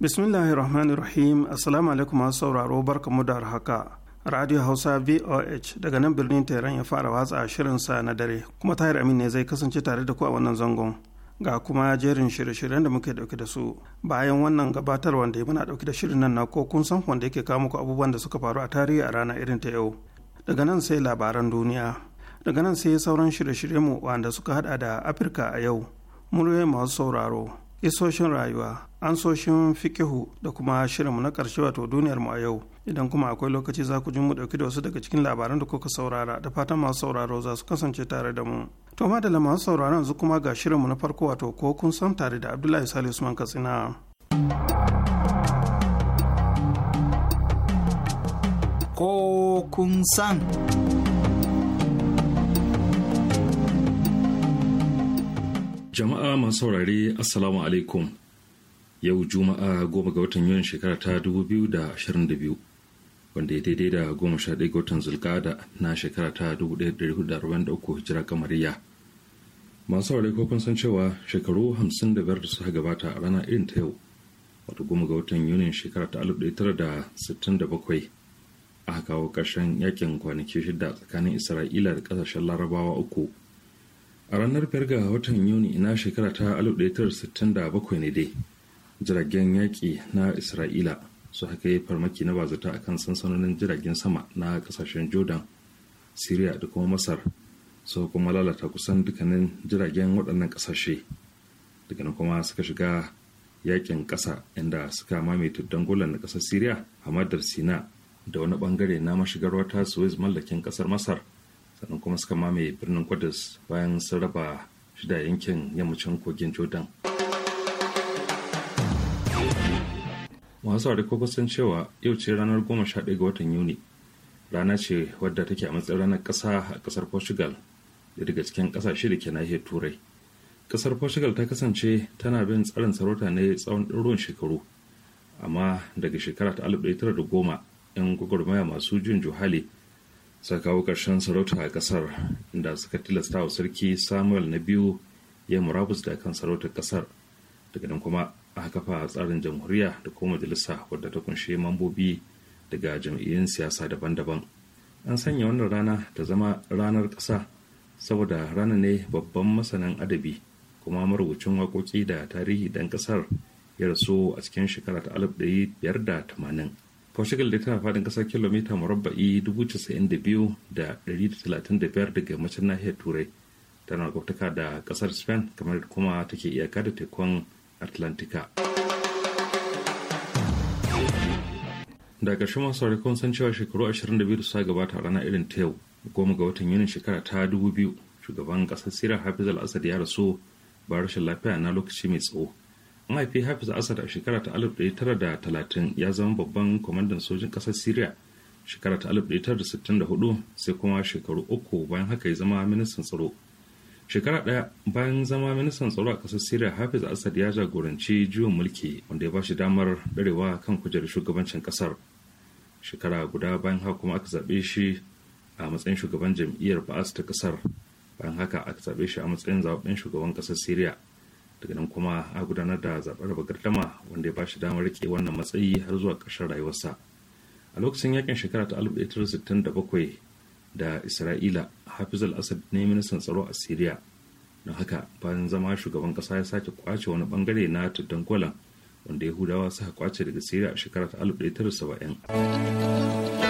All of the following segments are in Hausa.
bismillahir rahmanir rahim assalamu alaikum masu sauraro barkamu da haka radio hausa voh daga nan birnin tehran ya fara watsa shirinsa na dare kuma tahir amin ne zai kasance tare da ku a wannan zangon ga kuma jerin shirye-shiryen da muke dauke da su bayan wannan gabatar wanda ya muna dauke da shirin nan na ko kun san wanda yake kawo muku abubuwan da suka faru a tarihi a rana irin ta yau daga nan sai labaran duniya daga nan sai sauran shirye-shiryen mu wanda suka hada da afirka a yau muryoyin masu sauraro isoshin rayuwa an soshin fikihu da kuma shirinmu na ƙarshe wato duniyarmu a yau idan kuma akwai lokaci za ku ji mu ɗauki da wasu daga cikin labaran da kuka saurara da fatan masu sauraro za su kasance tare da mu to ma da masu sauraro yanzu kuma ga shirinmu na farko wato ko kun san tare da abdullahi salisu usman katsina ko kun san Jama'a masu saurare Assalamu alaikum. Yau Juma'a goma ga watan Yuni shekara ta 2022 wanda ya daidai da goma sha ɗaya ga watan zulkada na shekara ta 1443 hijira kamariya. Masu saurare ko kun san cewa shekaru 55 da suka gabata a rana irin ta yau wato goma ga watan Yuni shekara ta 1967 aka kawo ƙarshen yakin kwanaki shida tsakanin Isra'ila da ƙasashen Larabawa uku. a ranar farga a watan yuni na shekara ta 1967 ne dai jiragen yaƙi na isra'ila su haka yi farmaki na bazata akan sansanonin jiragen sama na kasashen jordan syria da kuma masar su kuma lalata kusan dukkanin jiragen waɗannan ƙasashe daga nan kuma suka shiga yaƙin ƙasa inda suka mamaye tuddan na ƙasar syria hamadar sina da wani bangare na mashigar wata suez mallakin ƙasar masar sannan kuma suka mamaye birnin kudus bayan sun raba shi da yankin yammacin kogin jordan masu saurari ko kusan cewa yau ce ranar 11 ga watan yuni rana ce wadda take a matsayin ranar ƙasa a ƙasar portugal da daga cikin ƙasashe da ke nahiyar turai ƙasar portugal ta kasance tana bin tsarin sarauta ne tsawon ruwan shekaru amma daga shekara ta da goma 'yan gwagwarmaya masu jin juhali suka kawo ƙarshen sarauta a ƙasar da suka tilasta wa sarki samuel na biyu ya murabus da kan sarautar ƙasar daga nan kuma aka kafa tsarin jamhuriya da kuma majalisa wadda ta kunshi mambobi daga jam'iyyun siyasa daban-daban an sanya wannan rana ta zama ranar ƙasa saboda rana ne babban masanin adabi kuma marubucin waƙoƙi da tarihi ɗan ƙasar ya rasu a cikin shekara ta tamanin. portugal da tana faɗin ƙasar kilomita murabba'i 92,135 daga yammacin nahiyar turai tana kwaftaka da ƙasar spain kamar kuma take iyaka da tekun atlantika da ƙarshe masu saurari san cewa shekaru 22 da suka gabata a ranar irin ta yau goma ga watan yunin shekara ta 2000 shugaban ƙasar sira hafiz al ya rasu ba rashin lafiya na lokaci mai tsawo mahaifi hafiz asad a shekara ta 1930 ya zama babban kwamandan sojin ƙasar syria shekara ta 1964 sai kuma shekaru uku bayan haka ya zama ministan tsaro shekara ɗaya bayan zama ministan tsaro a kasar syria hafiz asad ya jagoranci juyin mulki wanda ya ba shi damar ɗarewa kan kujerar shugabancin kasar shekara guda bayan haka kuma aka zaɓe shi a matsayin shugaban jam'iyyar ba'as ta ƙasar bayan haka aka zaɓe shi a matsayin zaɓen shugaban ƙasar syria daga nan kuma a gudanar da zaɓen raba wanda ya ba shi damar rike wannan matsayi har zuwa ƙarshen rayuwarsa a lokacin yakin shekara ta 1967 da isra'ila hafiz al-assad ne ministan tsaro a syria don haka bayan zama shugaban ƙasa ya sake kwace wani bangare na tuddan golan wanda yahudawa suka kwace daga syria a shekara ta 1970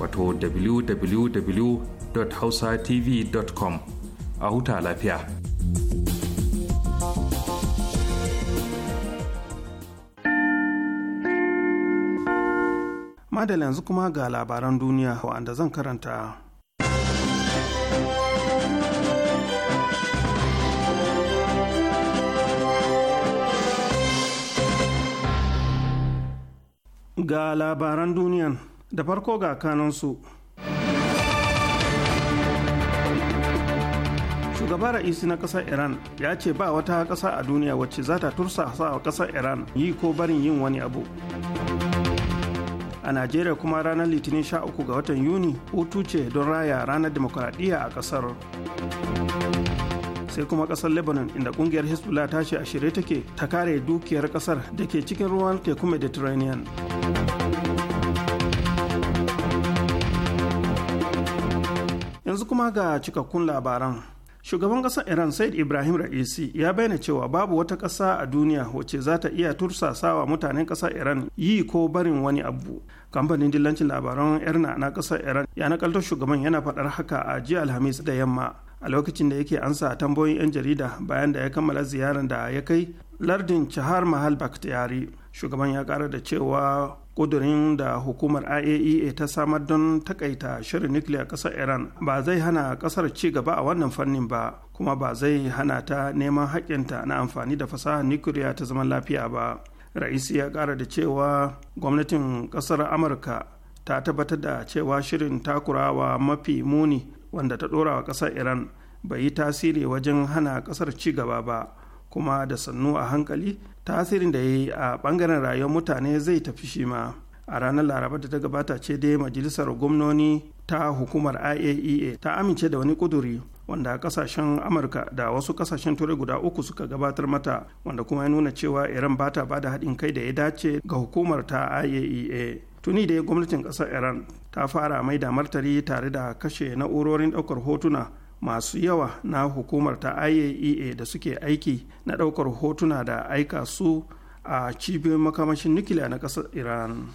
wato www.hausatv.com a huta lafiya. Madal yanzu kuma ga labaran duniya wa'anda zan karanta. Ga labaran duniyan da farko ga kanansu shugaba ra'isi na kasar iran ya ce ba wata kasa a duniya wacce za ta tursa a kasar iran yi ko barin yin wani abu a najeriya kuma ranar litinin 13 ga watan yuni hutu ce don raya ranar demokuraɗiyya a kasar. sai kuma kasar lebanon inda kungiyar hezbollah ta ce a shirye take ta kare dukiyar kasar da ke cikin ruwan teku mediterranean yanzu kuma ga cikakkun labaran shugaban ƙasar iran said ibrahim ra'isi ya bayyana cewa babu wata ƙasa a duniya wacce za ta iya tursasawa mutanen ƙasar iran yi ko barin wani abu kamfanin dillancin labaran irna na ƙasar iran ya nakalto shugaban yana faɗar haka a jiya alhamis da yamma a lokacin da yake ansa tambayoyin 'yan jarida bayan da ya kammala ziyarar da ya kai lardin chahar mahal bakhtiyari shugaban ya kara da cewa kudurin da hukumar iaea e ta samar don takaita shirin nukiliya kasar iran ba zai hana kasar ci gaba a wannan fannin ba kuma ba zai hana ta neman haƙƙinta na amfani da fasaha nukiliya ta zaman lafiya ba ra'isi ya ƙara da cewa gwamnatin kasar amurka ta tabbatar da cewa shirin takurawa mafi muni wanda ta ɗora wa kasar iran bai yi tasiri wajen hana kasar ci gaba ba kuma da sannu a hankali tasirin da ya yi a bangaren rayuwar mutane zai tafi shi ma a ranar laraba da ta gabata ce dai majalisar gwamnoni ta hukumar iaea e ta amince da wani kuduri wanda kasashen amurka da wasu kasashen turai guda uku suka gabatar mata wanda kuma ya nuna cewa iran bata ba da haɗin kai da ya dace ga hukumar ta iaea e tuni da gwamnatin ƙasar iran ta fara mai da martari tare da kashe na'urorin ɗaukar hotuna masu yawa na hukumar ta iaea e da suke aiki na ɗaukar hotuna da aika su a cibiyoyin makamashin nukiliya na ƙasar iran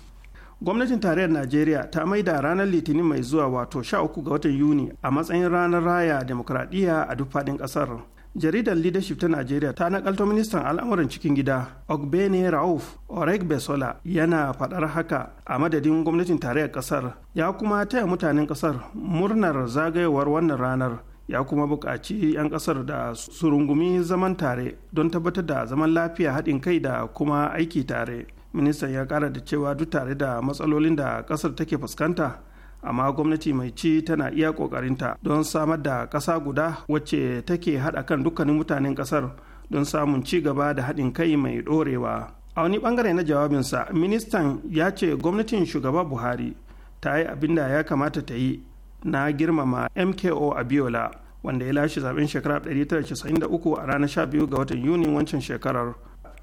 gwamnatin tarayyar najeriya ta maida ranar litinin mai zuwa wato 13 ga watan yuni a matsayin ranar raya demokradiyya a duk faɗin ƙasar jaridar leadership ta najeriya ta nakalto ministan al'amuran cikin gida ogbeni rauf oreg besola yana faɗar haka a madadin gwamnatin tarayyar ƙasar. ya kuma taya mutanen ƙasar murnar zagayowar wannan ranar ya kuma buƙaci 'yan ƙasar da su rungumi zaman tare don tabbatar da zaman lafiya haɗin kai da kuma aiki tare ministan ya ƙara da cewa duk tare da matsalolin da ƙasar take fuskanta amma gwamnati mai ci tana iya ƙoƙarinta don samar da ƙasa guda wacce take haɗa kan dukkanin mutanen ƙasar don samun ci gaba da haɗin kai mai ɗorewa a wani ɓangare na jawabinsa ministan ya ce gwamnatin shugaba buhari ta yi abin da ya kamata ta yi na girmama mko a abiola wanda ya lashe zaben shekara 1993 a ranar sha biyu ga watan yuni wancan shekarar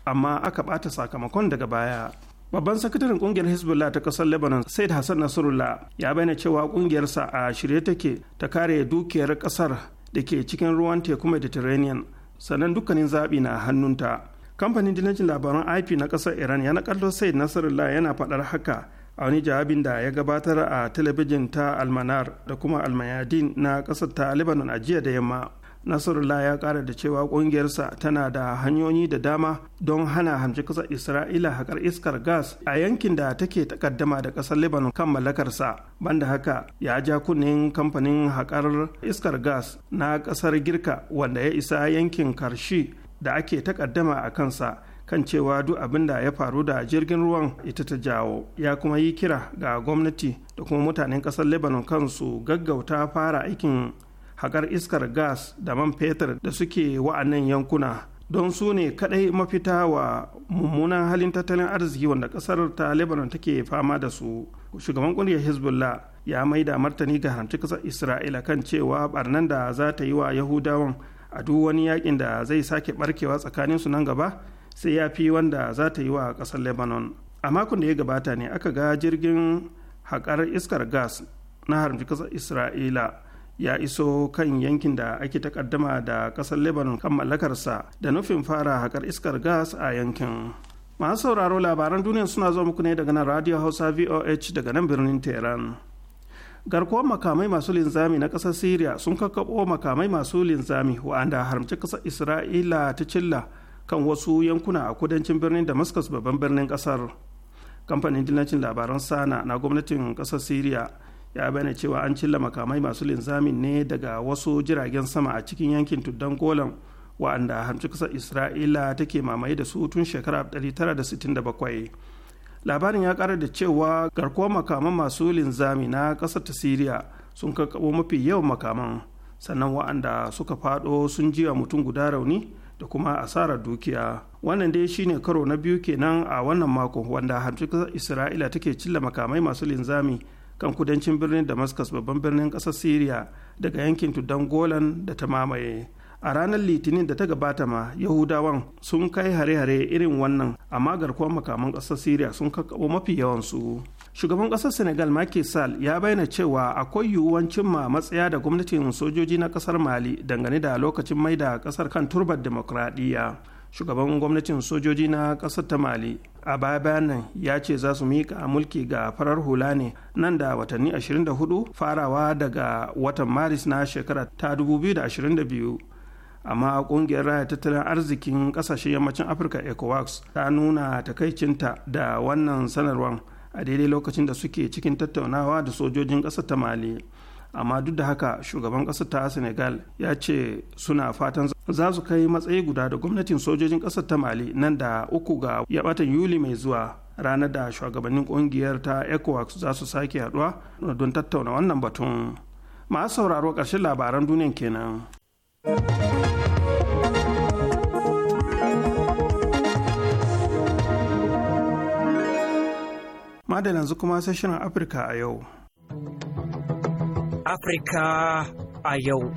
amma aka bata sakamakon daga baya babban sakataren kungiyar hezbollah ta kasar lebanon said hassan nasrullah ya bayyana cewa kungiyarsa a shirye take ta kare dukiyar kasar da ke cikin ruwan teku mediterranean sannan dukkanin zaɓi na hannunta kamfanin dinajin labaran ip na kasar iran ya na kallo said nasrullah yana faɗar haka a wani jawabin da ya gabatar a talabijin ta almanar da kuma almayadin na ƙasar ta lebanon a jiya da yamma nasarullah ya ƙara da cewa ƙungiyarsa tana da hanyoyi da dama don hana hamci ƙasar isra'ila haƙar iskar gas a yankin da take takaddama da ƙasar lebanon kan mallakarsa banda haka ya ja kunnen kamfanin haƙar iskar gas na ƙasar girka wanda ya isa yankin karshi da ake takaddama a kansa kan cewa duk abin da ya faru da jirgin ruwan ita ta jawo ya kuma yi kira ga gwamnati da kuma mutanen kasar lebanon kansu gaggauta fara aikin haƙar iskar gas da man fetur da suke wa'annan yankuna don su ne kaɗai mafita wa mummunan halin tattalin arziki wanda ƙasar ta lebanon take fama da su shugaban ƙungiyar hezbollah ya mai da martani ga hanci ƙasar isra'ila kan cewa barnan da za ta yi wa yahudawan a duk wani yakin da zai sake barkewa tsakaninsu nan gaba sai ya fi wanda za ta yi wa ƙasar lebanon a makon da ya gabata ne aka ga jirgin haƙar iskar gas na haramci ƙasar isra'ila ya iso kan yankin da ake takaddama da ƙasar lebanon kan mallakarsa da nufin fara haƙar iskar gas a yankin masu sauraro labaran duniya suna zo muku ne daga nan radio hausa voh daga nan birnin tehran garkuwar makamai masu linzami na ƙasar syria sun kakkaɓo makamai masu linzami wa'anda haramci ƙasar isra'ila ta cilla kan wasu yankuna a kudancin birnin damascus babban birnin kasar kamfanin dillacin labaran sana na gwamnatin kasar syria ya bayyana cewa an cilla makamai masu linzamin ne daga wasu jiragen sama a cikin yankin tuddan golan wa'anda hamci kasar isra'ila take mamaye da su tun shekara 1967 labarin ya kara da cewa garkuwar makaman masu linzami na kasar ta syria sun kakabo mafi yawan makaman sannan wa'anda suka faɗo sun jiya mutum guda rauni da kuma asarar dukiya wannan dai shine karo na biyu kenan a wannan mako wanda hamsin isra'ila take cilla makamai masu linzami kan kudancin birnin damascus babban birnin ƙasar syria daga yankin tuddan golan da ta mamaye a ranar litinin da ta gabata ma yahudawan sun kai hare-hare irin wannan amma garkuwar makaman ƙasar syria sun kakkaɓo mafi yawansu shugaban ƙasar senegal Macky Sall ya bayyana cewa akwai yiwuwan cimma matsaya da gwamnatin sojoji na ƙasar mali dangane da lokacin mai da ƙasar kan turbar demokradiyya shugaban gwamnatin sojoji na ƙasar ta mali a baya ya ce za su miƙa mulki ga farar hula ne nan da watanni 24 farawa daga watan maris na shekara ta 2022 amma kungiyar raya tattalin arzikin ƙasashen yammacin afirka ecowas ta nuna takaicinta da wannan sanarwar a daidai lokacin da suke cikin tattaunawa da sojojin ƙasa ta mali amma duk da haka shugaban ƙasa ta senegal ya ce suna fatan za su kai matsayi guda da gwamnatin sojojin ƙasar ta mali nan da uku ga ya batan yuli mai zuwa ranar da shugabannin ƙungiyar ta ecowas za su sake haɗuwa don tattauna wannan batun masu sauraro ƙarshen labaran duniyan kenan. Madal yanzu kuma sai shirin Afirka a yau. Afirka a yau.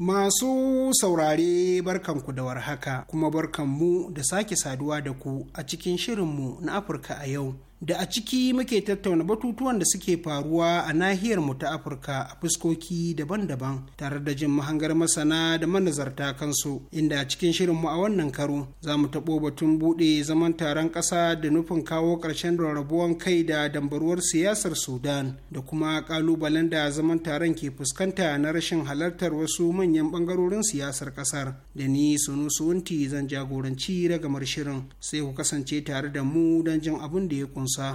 Masu saurare barkanku da warhaka kuma barkanmu da sake saduwa da ku a cikin shirinmu na Afirka a yau. da a ciki muke tattauna batutuwan da suke faruwa a nahiyar mu ta Afirka a fuskoki daban-daban tare da jin mahangar masana da manazarta kansu inda a cikin shirin mu a wannan karo za mu taɓo batun buɗe zaman taron ƙasa da nufin kawo ƙarshen rarrabuwan kai da dambaruwar siyasar Sudan da kuma ƙalubalen da zaman taron ke fuskanta na rashin halartar wasu manyan ɓangarorin siyasar ƙasar da ni Sunu Suwunti zan jagoranci ragamar shirin sai ku kasance tare da mu don jin abin da ya kunsa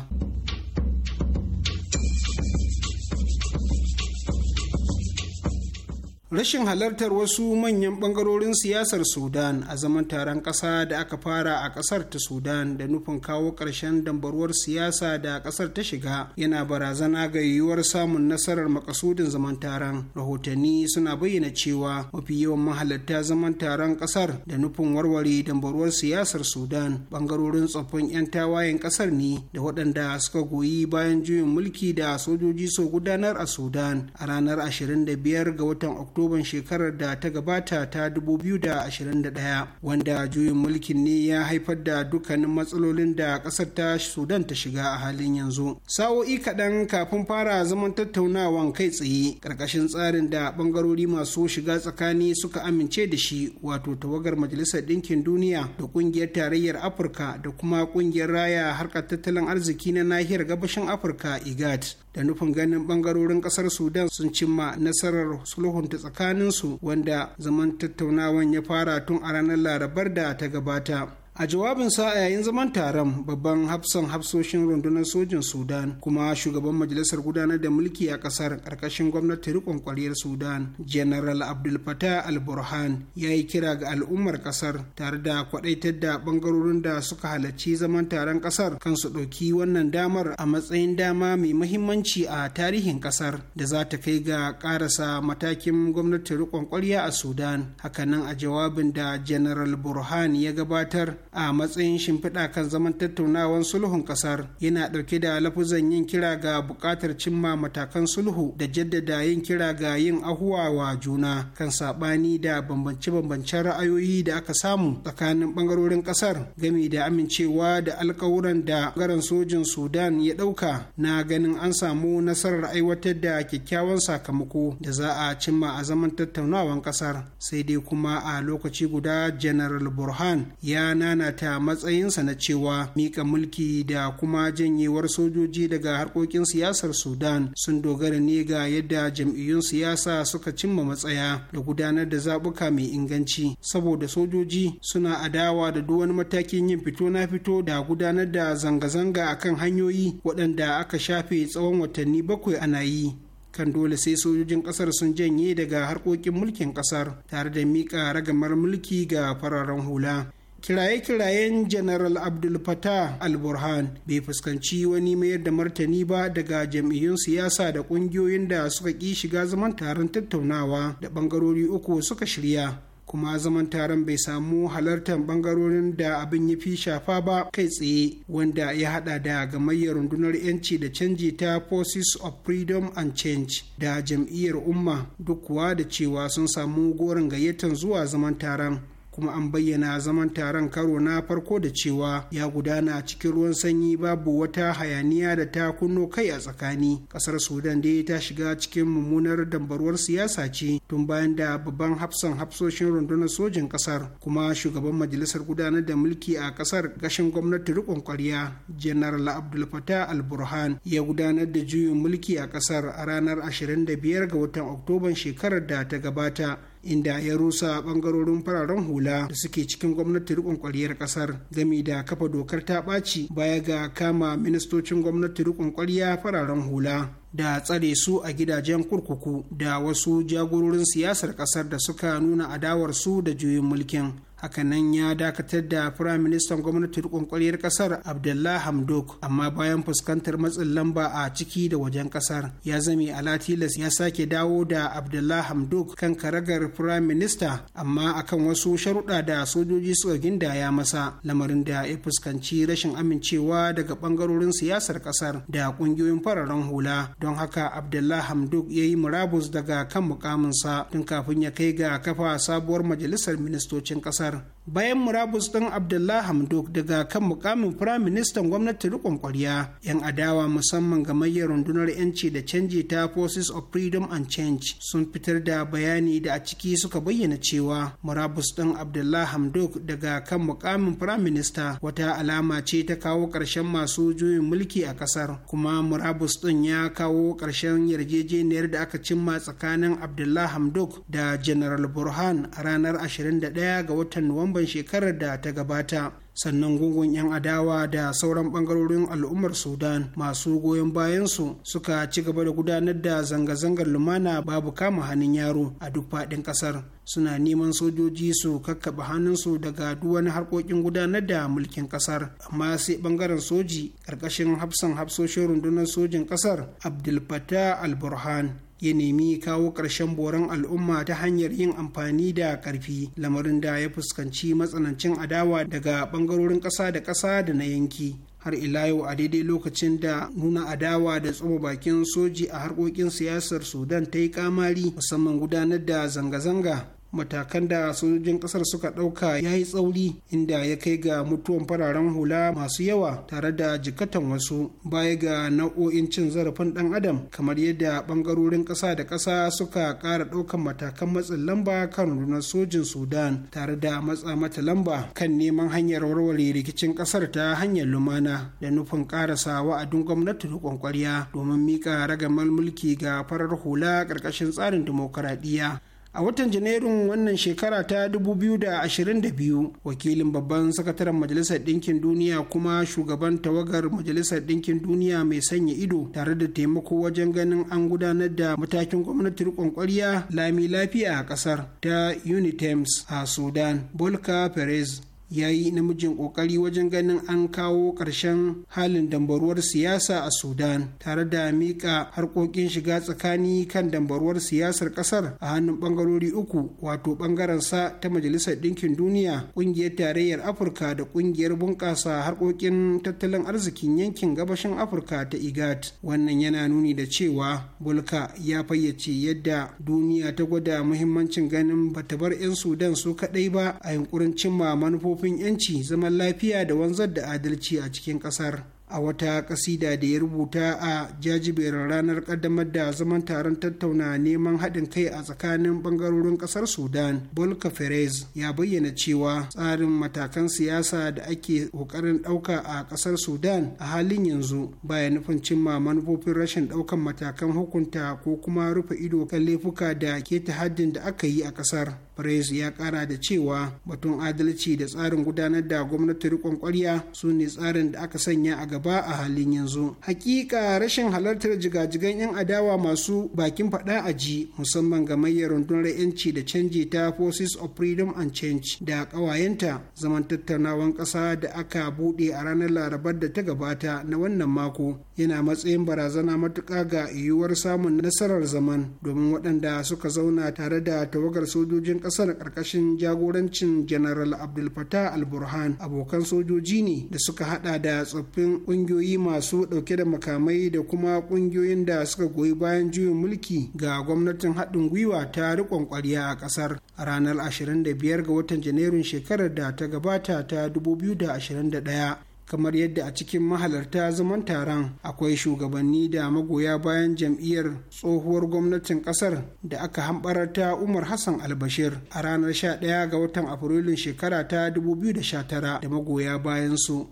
rashin halartar wasu manyan bangarorin siyasar sudan a zaman taron ƙasa da aka fara a ƙasar ta sudan da nufin kawo ƙarshen dambaruwar siyasa da ƙasar ta shiga yana barazana ga yiwuwar samun nasarar makasudin zaman taron rahotanni suna bayyana cewa mafi yawan mahalarta zaman taron ƙasar da nufin warware dambaruwar siyasar sudan bangarorin tsoffin 'yan tawayen ƙasar ne da waɗanda suka goyi bayan juyin mulki da sojoji so gudanar a sudan a ranar 25 ga watan oktoba oktoban shekarar da ta gabata ta 2021 wanda juyin mulkin ne ya haifar da dukkanin matsalolin da kasar ta sudan ta shiga a halin yanzu sa'o'i kaɗan kafin fara zaman tattaunawan kai tsaye ƙarƙashin tsarin da ɓangarori masu shiga tsakani suka amince da shi wato tawagar majalisar ɗinkin duniya da ƙungiyar tarayyar afirka da kuma ƙungiyar raya harkar tattalin arziki na nahiyar gabashin afirka igat da nufin ganin bangarorin kasar sudan sun cimma nasarar sulhunta tsakaninsu wanda zaman tattaunawan ya fara tun a ranar larabar da ta gabata a jawabinsa a yayin zaman taron babban hafsan hafsoshin rundunar sojin sudan kuma shugaban majalisar gudanar da mulki a kasar karkashin gwamnati rikon kwariyar sudan general abdul fatah al-burhan ya yi kira ga al'ummar kasar tare da kwadaitar da bangarorin da suka halarci zaman taron kasar kan su ɗauki wannan damar a matsayin dama mai muhimmanci a tarihin kasar da za ta kai ga karasa matakin gwamnati rikon kwariya a sudan hakanan a jawabin da general burhan ya gabatar a matsayin shimfiɗa kan zaman tattaunawar sulhun ƙasar yana ɗauke da lafuzan yin kira ga buƙatar cimma matakan sulhu da jaddada yin kira ga yin ahuwa wa juna kan saɓani da bambance-bambancen ra'ayoyi da aka samu tsakanin ɓangarorin ƙasar gami da amincewa da alkawuran da ɓangaren sojin sudan ya ɗauka na ganin an samu nasarar aiwatar da kyakkyawan sakamako da za a cimma a zaman tattaunawan ƙasar sai dai kuma a lokaci guda general burhan ya nana ta matsayinsa na cewa mika mulki da kuma janyewar sojoji daga harkokin siyasar sudan sun dogara ne ga yadda jam'iyyun siyasa suka cimma matsaya da gudanar da zabuka mai inganci saboda sojoji suna adawa da duwani matakin yin fito na fito da gudanar da zanga-zanga a kan hanyoyi waɗanda aka shafe tsawon watanni bakwai ana yi kan dole sai sojojin kasar sun janye daga harkokin mulkin kasar tare da mika ragamar mulki ga fararen hula kiraye-kirayen general abdul fatah al-burhan bai fuskanci wani mayar da martani ba daga jam'iyyun siyasa da ƙungiyoyin da suka ƙi shiga zaman taron tattaunawa da ɓangarori uku suka shirya kuma zaman taron bai samu halartar bangarorin da abin ya fi shafa ba kai tsaye wanda ya hada da gamayyar rundunar yanci da canji ta forces of freedom and change da jam'iyyar umma duk kuwa da cewa sun samu gorin gayyatar zuwa zaman taron kuma an bayyana zaman taron karo na farko da cewa ya gudana cikin ruwan sanyi babu wata hayaniya da ta kunno kai a tsakani kasar sudan dai ta shiga cikin mummunar dambarwar siyasa ce tun bayan da babban hafsan hafsoshin rundunar sojin kasar kuma shugaban majalisar gudanar da mulki a kasar gashin gwamnati rikon kwarya general abdul fatah al burhan ya gudanar da juyin mulki a kasar a ranar 25 ga watan oktoban shekarar da ta gabata inda ya rusa bangarorin fararen hula da suke cikin gwamnati rikon kwaliyar kasar gami da kafa dokar ta ɓaci baya ga kama ministocin gwamnati rikon kwaliya fararen hula da tsare su a gidajen kurkuku da wasu jagororin siyasar kasar da suka nuna adawar su da juyin mulkin hakanan ya dakatar da firayim ministan gwamnatin rikon kasar abdullah hamdok amma bayan fuskantar matsin lamba a ciki da wajen kasar ya zame alatilas ya sake dawo da abdullah hamdok kan karagar firayim minista amma akan wasu sharuɗa da sojoji suka ginda ya masa lamarin da ya fuskanci rashin amincewa daga ɓangarorin siyasar kasar da ƙungiyoyin fararen hula don haka abdullah hamdok ya yi murabus daga kan mukaminsa tun kafin ya kai ga kafa sabuwar majalisar ministocin kasar Gracias. bayan murabus ɗin abdullah hamduk daga kan mukamin firaministan gwamnati rikon kwarya yan adawa musamman ga gamayyar rundunar yanci da canji ta forces of freedom and change sun fitar da bayani da a ciki suka bayyana cewa murabus ɗin abdullah hamduk daga kan mukamin firaminista wata alama ce ta kawo ƙarshen masu juyin mulki a ƙasar kuma murabus ɗin ya kawo ƙarshen yarjejeniyar da aka cimma tsakanin abdullah Hamduk da general burhan a ranar 21 ga watan nuwamba oktoban shekarar da ta gabata sannan gungun 'yan adawa da sauran bangarorin al'ummar sudan masu goyon bayansu suka ci gaba da gudanar da zanga-zangar lumana babu kama hannun yaro a duk faɗin ƙasar suna neman sojoji su kakkaɓe hannunsu daga duwani harkokin gudanar da mulkin ƙasar amma sai ɓangaren soji ƙarƙashin hafsan hafsoshin rundunar sojin ƙasar abdulfatah al-burhan ya nemi kawo ƙarshen boron al'umma ta hanyar yin amfani da ƙarfi lamarin da ya fuskanci matsanancin adawa daga ɓangarorin ƙasa da ƙasa da na yanki har ila yau a daidai lokacin da nuna adawa da tsoma bakin soji a harkokin siyasar sudan ta yi kamari musamman gudanar da zanga-zanga matakan da sojojin kasar suka ɗauka ya yi tsauri inda ya kai ga mutuwan fararen hula masu yawa tare da jikatan wasu baya ga nau'o'in cin zarafin ɗan adam kamar yadda ɓangarorin ƙasa da ƙasa suka ƙara ɗaukan matakan matsin lamba kan rundunar sojin sudan tare da matsa mata lamba kan neman hanyar warware rikicin ƙasar ta hanyar lumana da nufin ƙarasa wa'adin gwamnati da kwankwariya domin miƙa ragamar mulki ga farar hula ƙarƙashin tsarin dimokuraɗiyya a watan janairun wannan shekara ta 2022 wakilin babban sakataren majalisar ɗinkin duniya kuma shugaban tawagar majalisar ɗinkin duniya mai sanya ido tare da taimako wajen ganin an gudanar da matakin gwamnatin kwankwariya ƙwarya lami lafiya a ƙasar ta unitems a sudan bolka perez ya yi namijin kokari wajen ganin an kawo karshen halin dambaruwar siyasa a sudan tare da miƙa harkokin shiga tsakani kan dambaruwar siyasar ƙasar a hannun ɓangarori uku wato ɓangarensa ta majalisar ɗinkin duniya ƙungiyar tarayyar afirka da ƙungiyar bunƙasa harkokin tattalin arzikin yankin gabashin afirka ta igat wannan yana nuni da cewa bulka ya fayyace yadda duniya ta gwada muhimmancin ganin bata bar 'yan sudan su kaɗai ba a yunkurin cimma manufofin manufofin 'yanci zaman lafiya da wanzar da adalci a cikin ƙasar a wata ƙasida da ya rubuta a jajiberin ranar ƙaddamar da zaman taron tattauna neman haɗin kai a tsakanin bangarorin ƙasar sudan bolka ferez ya bayyana cewa tsarin matakan siyasa da ake ƙoƙarin ɗauka a ƙasar sudan a halin yanzu baya nufin cimma manufofin rashin ɗaukan matakan hukunta ko kuma rufe ido kan laifuka da ke haddin da aka yi a ƙasar reis ya kara da cewa batun adalci da tsarin gudanar da gwamnati rikon kwarya su ne tsarin da aka sanya a gaba a halin yanzu. Hakika rashin halartar jigajigan 'yan adawa masu bakin faɗa a ji musamman ga mayar rundunar 'yanci da canji ta Forces of Freedom and Change da kawayenta zaman tattaunawan ƙasa da aka buɗe a ranar Larabar da ta gabata na wannan mako yana matsayin barazana matuka ga yiwuwar samun nasarar zaman domin waɗanda suka zauna tare da tawagar sojojin ƙasa na karkashin jagorancin general abdul fatah al-burhan abokan sojoji ne da suka hada da tsoffin kungiyoyi masu dauke da makamai da kuma kungiyoyin da suka goyi bayan juyin mulki ga gwamnatin haɗin gwiwa ta rikon ƙwarya a ƙasar a ranar 25 ga watan janairun shekarar da ta gabata ta 2021 kamar yadda a cikin mahalarta zaman taron akwai shugabanni da magoya bayan jam'iyyar tsohuwar gwamnatin kasar da aka hambarar ta umar hassan albashir a ranar 11 ga watan afrilun shekara ta 2019 da magoya bayan su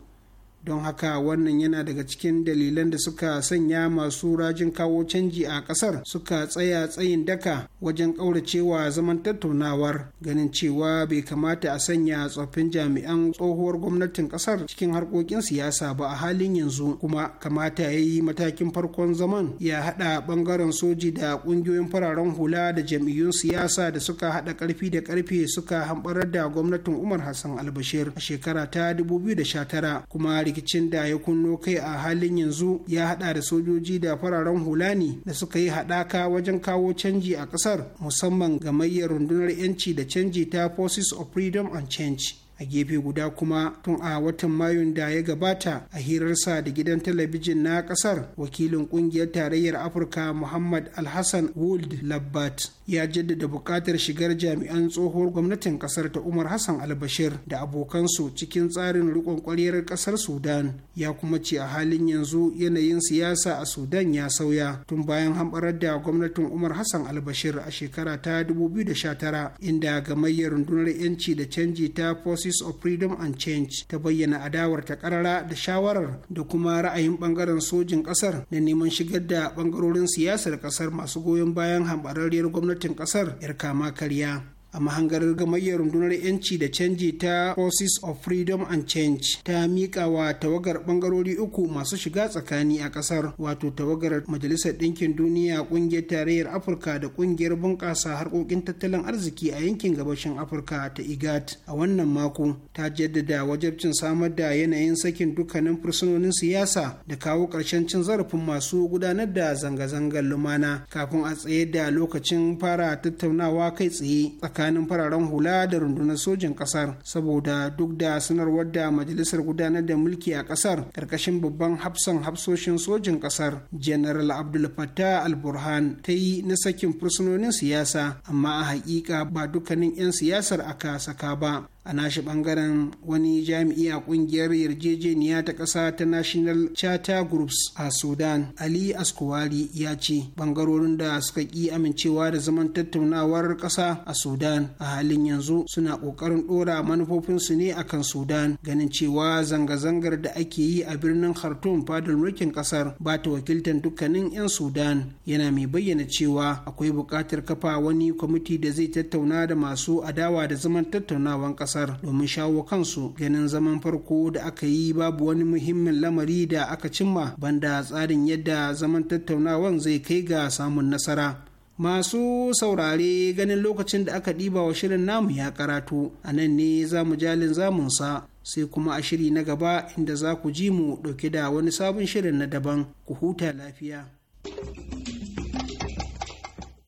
don haka wannan yana daga cikin dalilan da suka sanya masu rajin kawo canji a kasar suka tsaya tsayin daka wajen ƙauracewa zaman tattaunawar ganin cewa bai kamata a sanya tsoffin jami'an tsohuwar gwamnatin kasar cikin harkokin siyasa ba a halin yanzu kuma kamata ya yi matakin farkon zaman ya haɗa bangaren soji da ƙungiyoyin fararen hula da jam'iyyun siyasa da suka haɗa ƙarfi da karfe suka hamɓarar da gwamnatin umar hassan albashir a shekara ta 2019 kuma rikicin da ya kunno kai a halin yanzu ya hada da sojoji da fararen hula ne da suka yi hadaka wajen kawo canji a kasar musamman ga gamayyar rundunar 'yanci da canji ta forces of freedom and change a gefe guda kuma tun a watan mayun da ya gabata a hirarsa da gidan talabijin na kasar wakilin kungiyar tarayyar afirka muhammad alhassan wold labbat ya jaddada buƙatar shigar jami'an tsohuwar gwamnatin ƙasar ta umar hassan albashir da abokansu cikin tsarin riƙon ƙwaryar ƙasar sudan ya kuma ce a halin yanzu yanayin siyasa a sudan ya sauya tun bayan hamɓarar da gwamnatin umar hassan albashir a shekara ta 2019 inda gamayyar rundunar 'yanci da canji ta forces of freedom and change ta bayyana adawar ta karara da shawarar da kuma ra'ayin ɓangaren sojin ƙasar da neman shigar da bangarorin siyasar ƙasar masu goyon bayan hamɓararriyar gwamnati gwamnatin kasar yar kama karya a mahangar gamayyar rundunar yanci da canji ta forces of freedom and change ta miƙa wa tawagar ɓangarori uku masu shiga tsakani a ƙasar wato tawagar majalisar ɗinkin duniya ƙungiyar tarayyar afirka da ƙungiyar bunƙasa harkokin tattalin arziki a yankin gabashin afirka ta igat a wannan mako ta jaddada wajabcin samar da yanayin sakin dukkanin fursunonin siyasa da kawo ƙarshen cin zarafin masu gudanar da zanga-zangar lumana kafin a tsaye da lokacin fara tattaunawa kai tsaye tsakanin fararen hula da rundunar sojin kasar saboda duk da sanarwar da majalisar gudanar da mulki a kasar karkashin babban hafsan hafsoshin sojin kasar general abdul fattah al-burhan ta yi na sakin fursunonin siyasa amma a hakika ba dukkanin 'yan siyasar aka saka ba a nashi bangaren wani jami'i a kungiyar yarjejeniya ta ƙasa ta national charter groups a sudan ali askuwari ya ce bangarorin da suka ƙi amincewa da zaman tattaunawar ƙasa a sudan a halin yanzu suna ƙoƙarin ɗora manufofinsu ne a kan sudan ganin cewa zanga-zangar da ake yi a birnin khartoum fadar mulkin ƙasar ba ta wakiltar dukkanin 'yan sudan yana mai bayyana cewa akwai buƙatar kafa wani kwamiti da zai tattauna da masu adawa da zaman tattaunawan ƙasa kasar domin shawo kansu ganin zaman farko da aka yi babu wani muhimmin lamari da aka cimma banda tsarin yadda zaman tattaunawan zai kai ga samun nasara masu saurare ganin lokacin da aka ɗiba wa shirin namu ya karatu a nan ne za mu jalin zamunsa sai kuma a shiri na gaba inda za ku ji mu ɗauke da wani sabon shirin na daban ku huta lafiya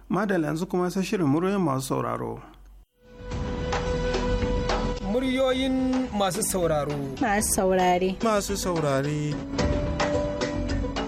madal yanzu kuma sai shirin muryoyin masu sauraro muryoyin masu sauraro. Masu saurare. Masu saurare.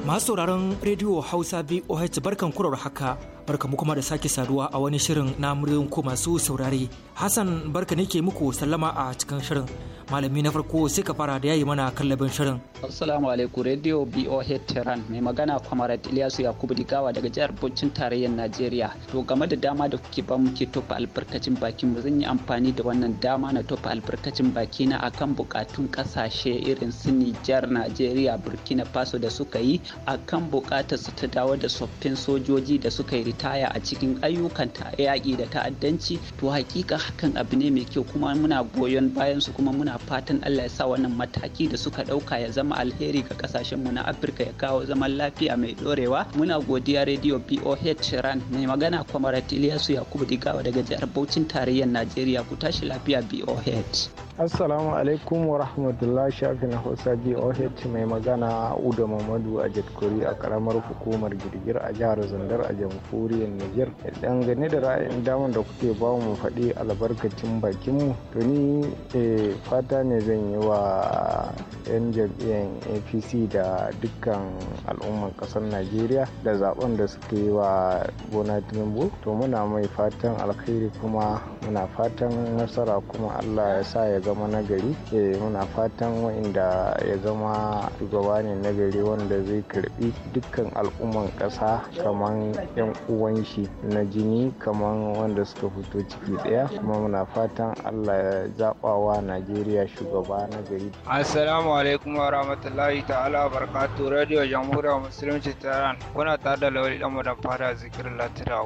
Masu sauraron rediyo Hausa BOH barkan kurar haka barka mu kuma da sake saduwa a wani shirin na muryoyin ko masu saurare hassan barka nake muku sallama a cikin shirin malami na farko sai ka fara da yayi mana kallabin shirin. Assalamu alaikum Radio BOH Tehran mai magana Kwamarat Ilyasu Yakubu Digawa daga jihar bocin tarayyar Najeriya. To game da dama da kuke ba muke tofa albarkacin baki mu zan yi amfani da wannan dama na tofa albarkacin baki na akan bukatun kasashe irin su Nijar, Najeriya, Burkina Faso da suka yi akan bukatar su ta dawo da tsoffin sojoji da suka yi ritaya a cikin ayyukan ta yaƙi da ta'addanci to hakika hakan abu ne mai kyau kuma muna goyon bayan su kuma muna fatan Allah ya sa wannan mataki da suka ɗauka ya zama alheri ga kasashen mu na Afirka ya kawo zaman lafiya mai dorewa muna godiya radio BOH Ran mai magana kwamarat Ilyasu Yakubu Digawa daga jihar Bauchin tarayyar Najeriya ku tashi lafiya BOH. assalamu alaikum wa rahmatullah shafin hausa oh mai magana uda mamadu a jatkuri a karamar hukumar girgir a jihar zandar a jamhuriyar niger dangane da ra'ayin damar da kuke ba mu faɗi albarkacin bakinmu to ni eh, fata ne zan yi wa 'yan jam'iyyar apc da dukkan al'umman ƙasar najeriya da zaben da suka yi wa bona tinubu to muna mai fatan alkhairi kuma muna fatan nasara kuma allah ya sa ya zama nagari eh, muna fatan wa'inda ya zama shugaba ne nagari wanda zai karbi dukkan al'umman ƙasa kamar yan uwan shi na jini kamar wanda suka fito ciki ɗaya kuma muna fatan allah ya wa najeriya shugaba nagari assalamu alaikum wa rahmatullahi ta'ala barkatu radio jamhuriyar musulunci tehran kuna tare da lauri dan da fara zikirin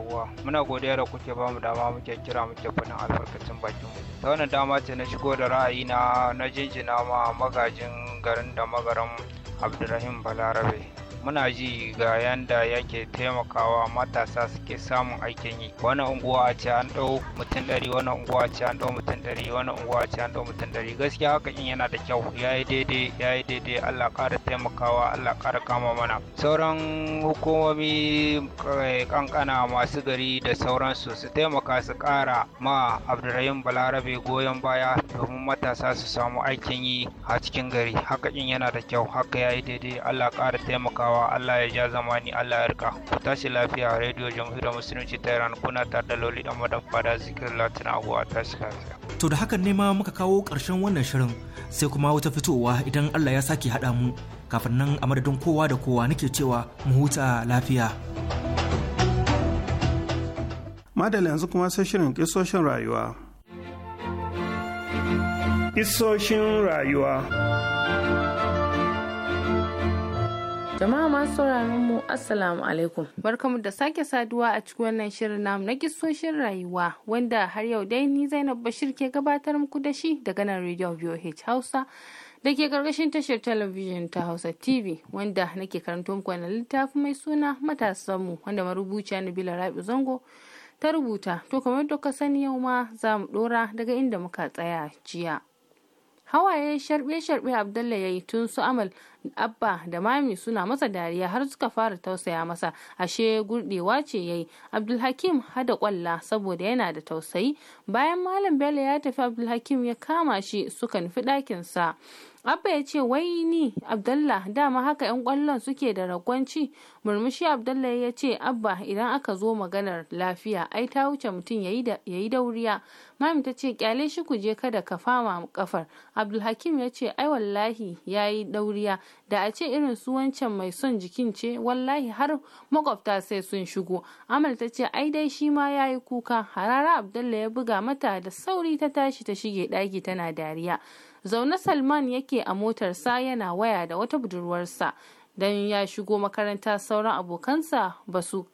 uwa muna godiya da kuke bamu dama muke kira muke fadin albarkacin bakin mu ta wannan dama ce na shigo da ra'ayi ra'ayina na jinjina ma magajin garin da magaran abdulrahim balarabe muna ji ga yanda yake taimakawa matasa suke samun aikin yi wani unguwa ce an ɗau mutum ɗari wani unguwa ce an ɗau mutum ɗari wani unguwa ce an ɗau mutum ɗari gaskiya haka in yana da kyau ya yi daidai ya yi daidai allah ƙara taimakawa allah ƙara kama mana sauran hukumomi kankana eh, masu gari da sauransu su taimaka su ƙara ma abdurrahim balarabe goyon baya domin matasa su samu aikin yi a cikin gari haka in yana da kyau haka ya yi daidai allah ƙara taimakawa Adamawa Allah ya ja zamani Allah ya rika ku tashi lafiya rediyo jamhuriyar musulunci ta Iran kuna tare da Loli dan madan fada zikirin Latin Abuwa tashi lafiya. To da hakan ne ma muka kawo karshen wannan shirin sai kuma wata fitowa idan Allah ya sake haɗa mu kafin nan a madadin kowa da kowa nake cewa mu huta lafiya. Madalla yanzu kuma sai shirin kisoshin rayuwa. Kisoshin rayuwa. Jama'a masu sauraron mu Assalamu alaikum. Barkamu da sake saduwa a cikin wannan shirin namu na gisoshin rayuwa wanda har yau dai ni Zainab Bashir ke gabatar muku da shi daga nan Radio VOH Hausa da ke karkashin tashar talabijin ta Hausa TV wanda nake karanto muku wannan littafi mai suna matasan mu wanda marubuciya Nabila Rabi Zango ta rubuta to kamar yadda ka sani yau ma za mu dora daga inda muka tsaya jiya. hawaye sharbe-sharbe abdullahi ya yi tun su amal abba da mami suna masa dariya har suka fara tausaya masa ashe gurdewa ce ya yayi abdulhakim hada kwalla saboda yana da tausayi bayan malam bello ya tafi abdulhakim ya kama shi suka nufi ɗakinsa Abba ya ce wai ni abdullah dama haka 'yan kwallon suke da ragwanci murmushi abdullah ya ce Abba idan aka zo maganar lafiya ai ta wuce mutum ya yi dauriya. Mami ta ce kyale shi ku je kada ka fama kafar. Abdulhakim ya ce ai wallahi ya yi dauriya da a ce irin su wancan mai son jikin ce wallahi har makwabta sai sun shigo. Amal ta ce ai dai shi ma ya yi kuka harara abdullah ya buga mata da sauri ta tashi ta shige ɗaki tana dariya. zaune salman yake a motarsa yana waya da wata budurwarsa dan ya shigo makaranta sauran abokansa ba su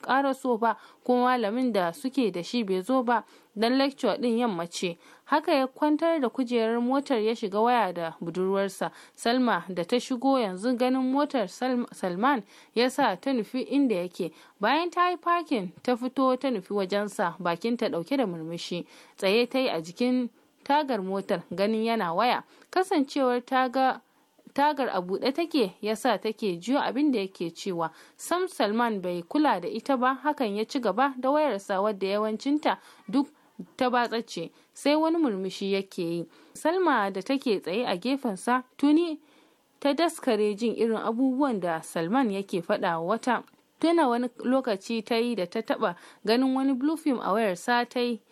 so ba ko malamin da suke da shi bai zo ba don lecture din yamma ce haka ya kwantar da kujerar motar ya shiga waya da budurwarsa salma da ta shigo yanzu ganin motar salman ya sa ta nufi inda yake bayan ta yi parking ta fito ta nufi wajensa bakinta dauke da murmushi tsaye ta yi a jikin tagar motar ganin yana waya kasancewar taga tagar a buɗe take yasa take jiyo abin da yake cewa sam salman bai kula da ita ba hakan ya ci gaba da wayarsa wadda yawancinta duk ta batsace sai wani murmushi yake yi salma da take tsaye a gefensa tuni ta daskare jin irin abubuwan da salman yake faɗa wata tana wani lokaci ta yi da ta taba ganin wani blue film a wayar sa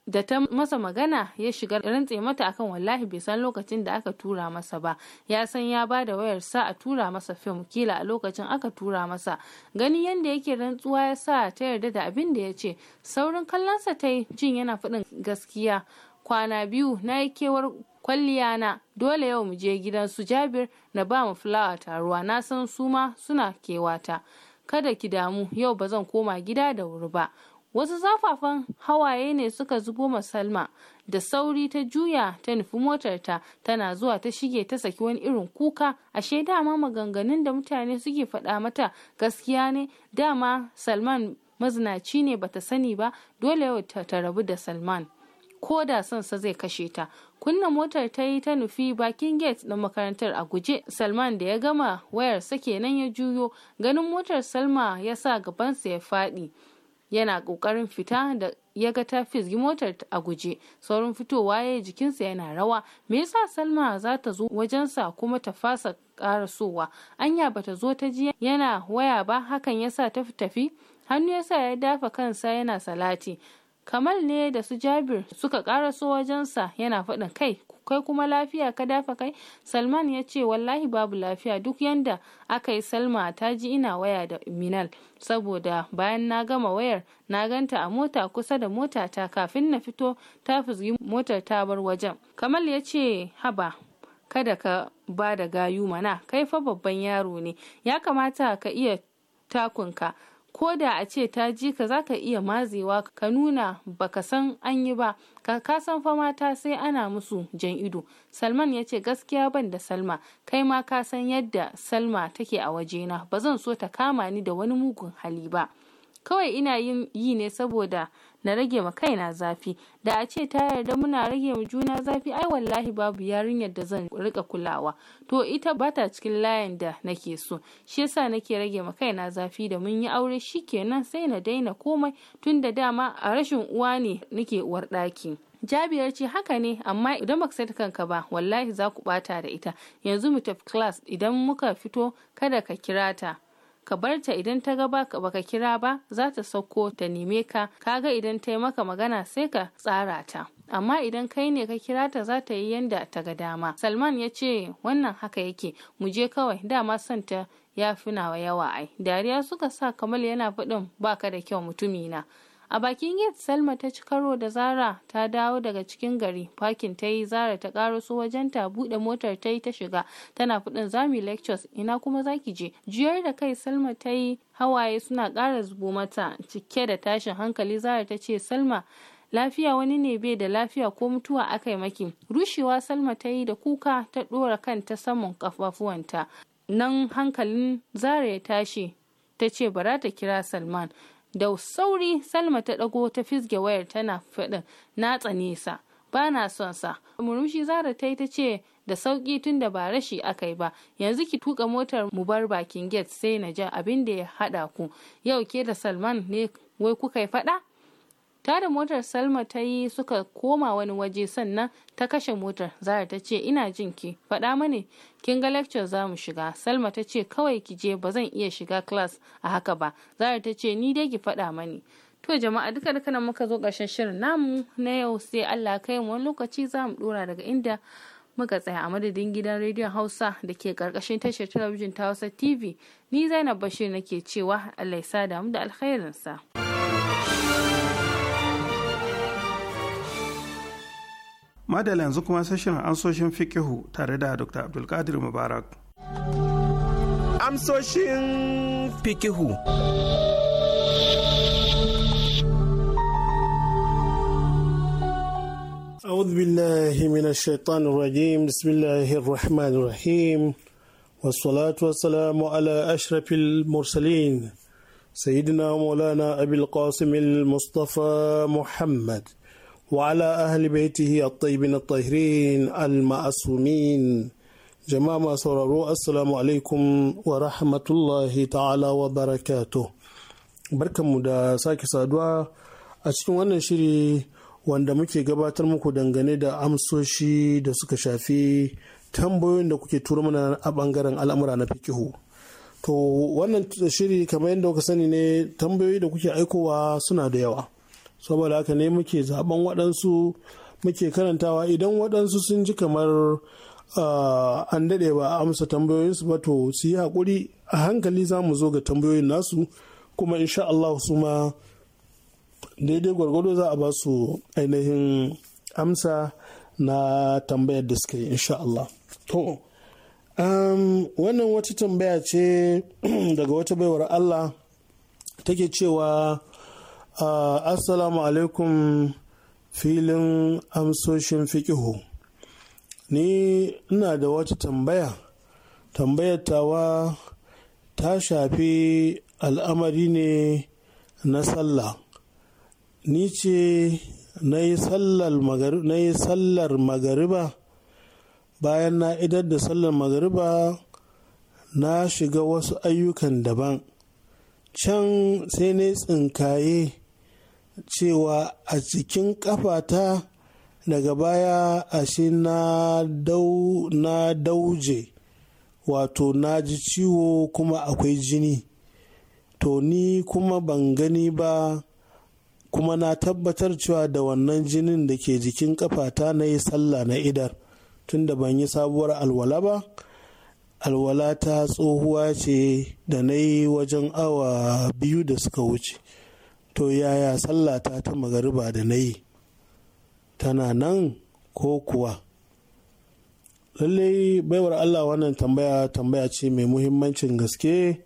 da ta masa magana ya shiga rantse mata akan wallahi bai san lokacin da aka tura masa ba ya san ya ba da wayar sa a tura masa film kila a lokacin aka tura masa ganin yadda yake rantsuwa ya sa ta yarda da abin da ya ce saurin kallonsa ta yi jin yana faɗin gaskiya kwana biyu na yi kewar kwalliya na dole yau mu je gidan su jabir na ba mu fulawa taruwa na san su ma suna kewata kada ki damu yau ba zan koma gida da wuri ba wasu zafafan hawaye ne suka zubo ma salma da sauri ta juya ta nufi motarta tana zuwa ta shige ta saki wani irin kuka ashe dama maganganun da mutane suke faɗa mata gaskiya ne dama salman mazinaci ne bata sani ba dole yau ta rabu da salman ko da sansa zai kashe ta kunna motar ta yi ta nufi bakin gate na makarantar a guje salman da ya gama wayar wayarsa kenan ya juyo ganin motar salma ya sa gabansa ya faɗi yana ƙoƙarin fita da ya ga ta fizgi motar a guje saurin fitowa ya jikinsa yana rawa me yasa salma za ta zo wajensa kuma ta fasa karasowa anya ba ta zo ta ji yana waya ba hakan yasa ta tafi hannu yasa ya dafa kansa yana salati kamal ne da su jabir suka karaso wajensa yana faɗin kai kai kuma lafiya ka dafa kai salman ya ce wallahi babu lafiya duk yanda aka yi salma ta ji ina waya da minal saboda bayan na gama wayar na ganta a mota kusa da mota ta kafin na fito ta fuzgi motar ta bar wajen kamal ya ce haba kada ka ba da gayu mana kai fa babban yaro ne ya kamata ka iya takunka ko da a ce ta ji ka za ka iya mazewa ka nuna ba ka san an yi ba ka kasan fa mata sai ana musu jan ido salman ya ce gaskiya ban da salma kai ma ka san yadda salma take a wajena ba zan so ta kama ni da wani mugun hali ba kawai ina yin yi ne saboda na rage ma kaina zafi da a ce ta yarda muna rage ma juna zafi ai wallahi babu yarinyar da zan rika kulawa to ita bata cikin layin da nake so shi yasa nake rage ma kaina zafi da mun yi aure shi shikenan sai na daina komai tun da dama a rashin uwa ne nake uwar ɗaki. Jabiyar ce haka ne amma idan baka ka kanka ba wallahi za ku bata da ita yanzu mu tafi class idan muka fito kada ka kira ta. ka bar ta idan ta ga baka kira ba za ta sauko ta neme ka ga idan ta yi maka magana sai ka tsara ta amma idan kai ne ka kira ta za ta yi yanda ta ga dama salman ya ce wannan haka yake mu je kawai dama son ta ya fi nawa yawa ai dariya suka sa kamal yana faɗin baka da kyau mutumina a bakin gate salma ta ci karo da zara ta dawo daga cikin gari parking ta yi zara ta karaso wajen ta bude motar ta yi ta shiga tana fudin zami lectures ina kuma zaki je juyar da kai salma ta yi hawaye suna kara zubo mata cike da tashin hankali zara ta ce salma lafiya wani ne bai da lafiya ko mutuwa akai maki rushewa salma ta yi da kuka ta dora kanta saman kafafuwanta nan hankalin zara ya tashi ta ce bara ta kira salman da sauri salma ta ɗago ta fisge wayar tana faɗin na tsane sa ba na son sa murmushi zara ta yi ta ce da sauƙi tun da ba rashi aka yi ba yanzu ki tuka motar mu bar bakin gate sai na ja abin da ya haɗa ku yau ke da salman ne wai kuka yi faɗa ta da motar salma ta yi suka koma wani waje sannan ta kashe motar zara ta ce ina jin ki faɗa mani kin ga lecture za mu shiga salma ta ce kawai ki je ba zan iya shiga class a haka ba zara ta ce ni dai ki faɗa mani to jama'a duka duka nan muka zo ƙarshen shirin namu na yau sai allah kai mu wani lokaci za mu ɗora daga inda muka tsaya a madadin gidan rediyon hausa da ke karkashin tashar talabijin ta hausa tv ni zainab bashir nake cewa allah ya sa damu da alkhairinsa. madala yanzu kuma sashen ansoshin fikihu tare da dr abdulkadir mubarak amsoshin fikihu أعوذ بالله من الشيطان الرجيم بسم الله الرحمن الرحيم والصلاة والسلام على أشرف المرسلين سيدنا مولانا أبي القاسم المصطفى محمد وعلى أهل بيته الطيبين الطاهرين المعصومين جماعة سورارو السلام عليكم ورحمة الله تعالى وبركاته da sake saduwa a cikin wannan shiri wanda muke gabatar muku dangane da amsoshi da suka shafi tambayoyin da kuke turo mana a bangaren al'amura na fikihu to wannan shiri kamar yadda kuka sani ne tambayoyi da kuke aikowa suna da yawa saboda haka ne muke zaben waɗansu muke karantawa idan waɗansu sun ji kamar ah, an daɗe ba a amsa tambayoyinsu ba to su yi haƙuri a hankali za mu zo ga tambayoyin nasu kuma insha Allah su ma daidai gwargwado za a ba su ainihin amsa na tambayar da suka yi insha Allah. To, wannan wata tambaya ce daga wata baiwar Allah take cewa Uh, assalamu alaikum filin amsoshin fikihu ni ina da wata tambaya tambayar tawa ta shafi al'amari ne na sallah ni ce na yi sallar magariba bayan na idar da sallar magariba na shiga wasu ayyukan daban can sai na yi tsinkaye cewa a cikin ƙafata, daga baya ashe na dau na dauje wato na ji ciwo kuma akwai jini to ni kuma ban gani ba kuma na tabbatar cewa da wannan jinin da ke jikin ƙafata na yi sallah na idar tunda ban yi sabuwar alwala ba alwala ta tsohuwa ce da na yi wajen awa biyu da suka wuce to yaya sallah ta magariba da na yi tana nan ko kuwa lallai baiwar allah wannan tambaya tambaya ce mai muhimmancin gaske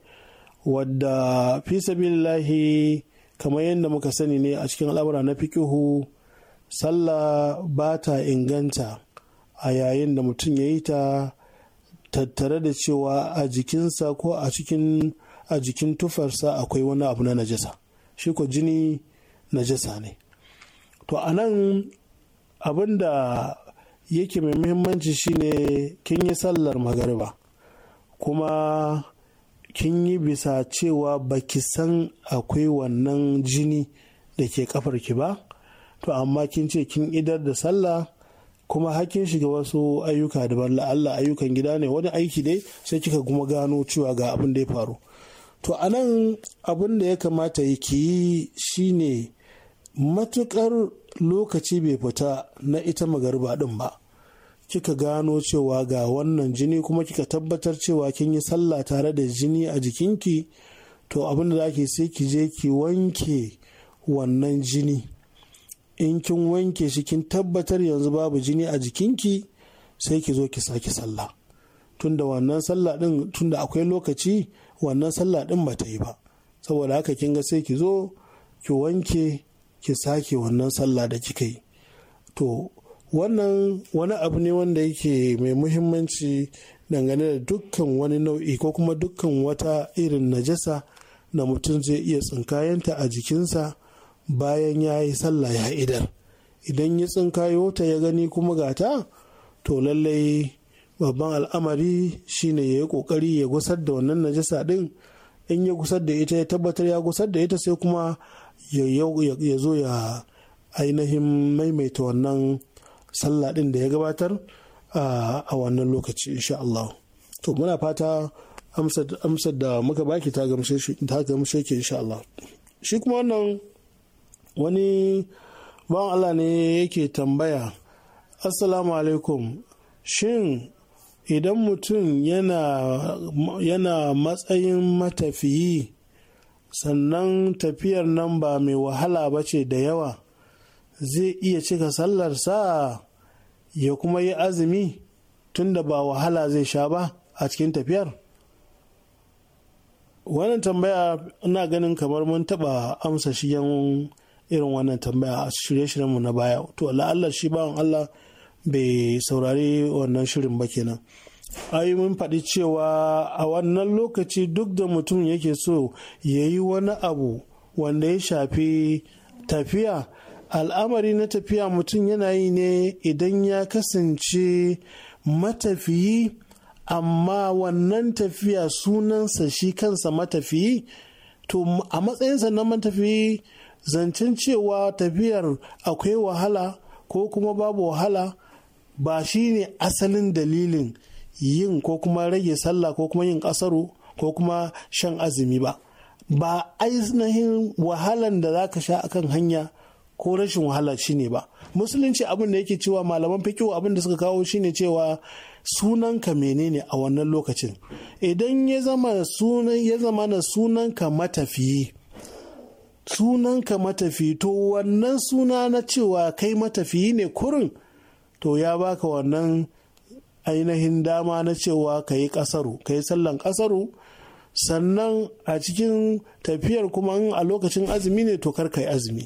wadda fi sabilillahi kamar yadda muka sani ne a cikin al'amura na fikihu sallah ba ta inganta a yayin da mutum ya yi ta tattare da cewa a jikinsa ko a cikin a jikin tufarsa akwai wani abu na najasa shi ko jini najasa ne to a nan abin da yake mai muhimmanci shine kin yi sallar magariba kuma kin yi bisa cewa baki san akwai wannan jini da ke kafar ki ba to amma kin ce kin idar da sallah kuma hakin shiga wasu ayyuka daban la'alla ayyukan gida ne wani aiki dai sai kika kuma gano cewa ga abin da ya faru to a nan abin da ya kamata ki yi shine matukar lokaci bai fita na ita magarba din ba kika gano cewa ga wannan jini kuma kika tabbatar cewa kin yi sallah tare da jini a jikinki to abin da ake sai ki je ki wanke wannan jini in kin wanke shi kin tabbatar yanzu babu jini a jikinki sai ki zo ki saki sallah tunda wannan sallah din tunda akwai lokaci wannan sallah din ba ta yi ba saboda haka kin ga sai ki zo ki wanke ki sake wannan sallah da kika yi to wannan wani abu ne wanda yake mai muhimmanci dangane da dukkan wani nau'i ko kuma dukkan wata irin najasa na mutum zai iya tsinkayenta a jikinsa bayan ya yi sallah ya idan ya tsinkayo ta ya gani kuma gata to lallai babban al'amari shine ya yi kokari ya gusar da wannan najasa din in ya gusar da ita ya tabbatar ya gusar da ita sai kuma ya zo ya ainihin maimaita wannan sallah din da ya gabatar a wannan lokaci insha Allah to muna fata amsar da muka baki ta gamshe ke insha Allah shi kuma wannan wani bawan Allah ne yake tambaya assalamu alaikum shin idan mutum yana, matsayin matafiyi sannan tafiyar nan ba mai wahala ba ce da yawa zai iya cika sallarsa ya kuma yi azumi tunda ba wahala zai sha ba a cikin tafiyar wannan tambaya ina ganin kamar mun taba amsa shi irin wannan tambaya a shirye-shiryenmu na baya to la'allar shi bawan Allah bai saurari wannan shirin ba kenan ai mun faɗi cewa a wannan lokaci duk da mutum yake so ya yi wani abu wanda ya shafi tafiya al'amari na tafiya mutum yana yi ne idan ya kasance matafiyi amma wannan tafiya sunansa shi kansa matafiyi to a matsayinsa na matafiyi zancen cewa tafiyar akwai wahala ko kuma babu wahala ba shi ne asalin dalilin yin ko kuma rage sallah ko kuma yin ƙasaru ko kuma shan azumi ba ba ainihin wahalan da za ka sha kan hanya ko rashin wahala shi ne ba musulunci abin da yake cewa malaman fikihu abin da suka kawo shine cewa sunanka menene a wannan lokacin idan ya zama sunan ya zama na sunanka matafiyi sunanka matafiyi to wannan suna na cewa kai matafiyi ne kurin to ya baka wannan ainihin dama na cewa ka yi kasaru ka yi sallan kasaru sannan a cikin tafiyar kuma a lokacin azumi ne to kar ka yi azumi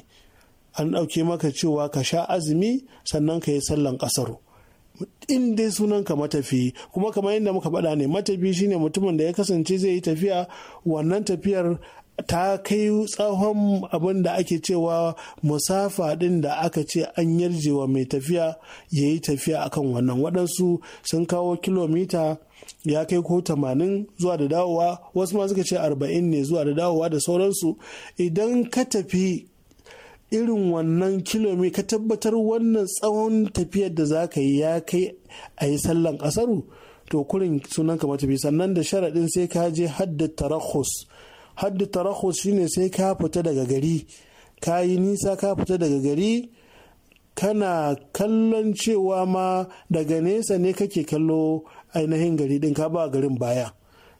an ɗauke maka cewa ka sha azumi sannan ka yi sallan kasaru in dai sunan ka matafi kuma kamar yadda muka faɗa ne matafi shine mutumin da ya kasance zai yi tafiya wannan tafiyar ta kai tsawon abin da ake cewa musafa ɗin da aka ce an yarje wa mai tafiya ya yi tafiya akan wannan waɗansu sun kawo kilomita ya kai ko 80 zuwa da dawowa wasu ma suka ce 40 ne zuwa da dawowa da sauransu idan ka tafi irin wannan kilomi ka tabbatar wannan tsawon tafiyar da za ka yi ya kai a yi sallan ƙasaru to kurin sunan ka matafi sannan da sharaɗin sai ka je hadda tarakhus haddu tarakhus shine sai ka fita daga gari ka yi nisa ka fita daga gari kana kallon cewa ma daga nesa ne kake kallo ainihin gari din ka ba garin baya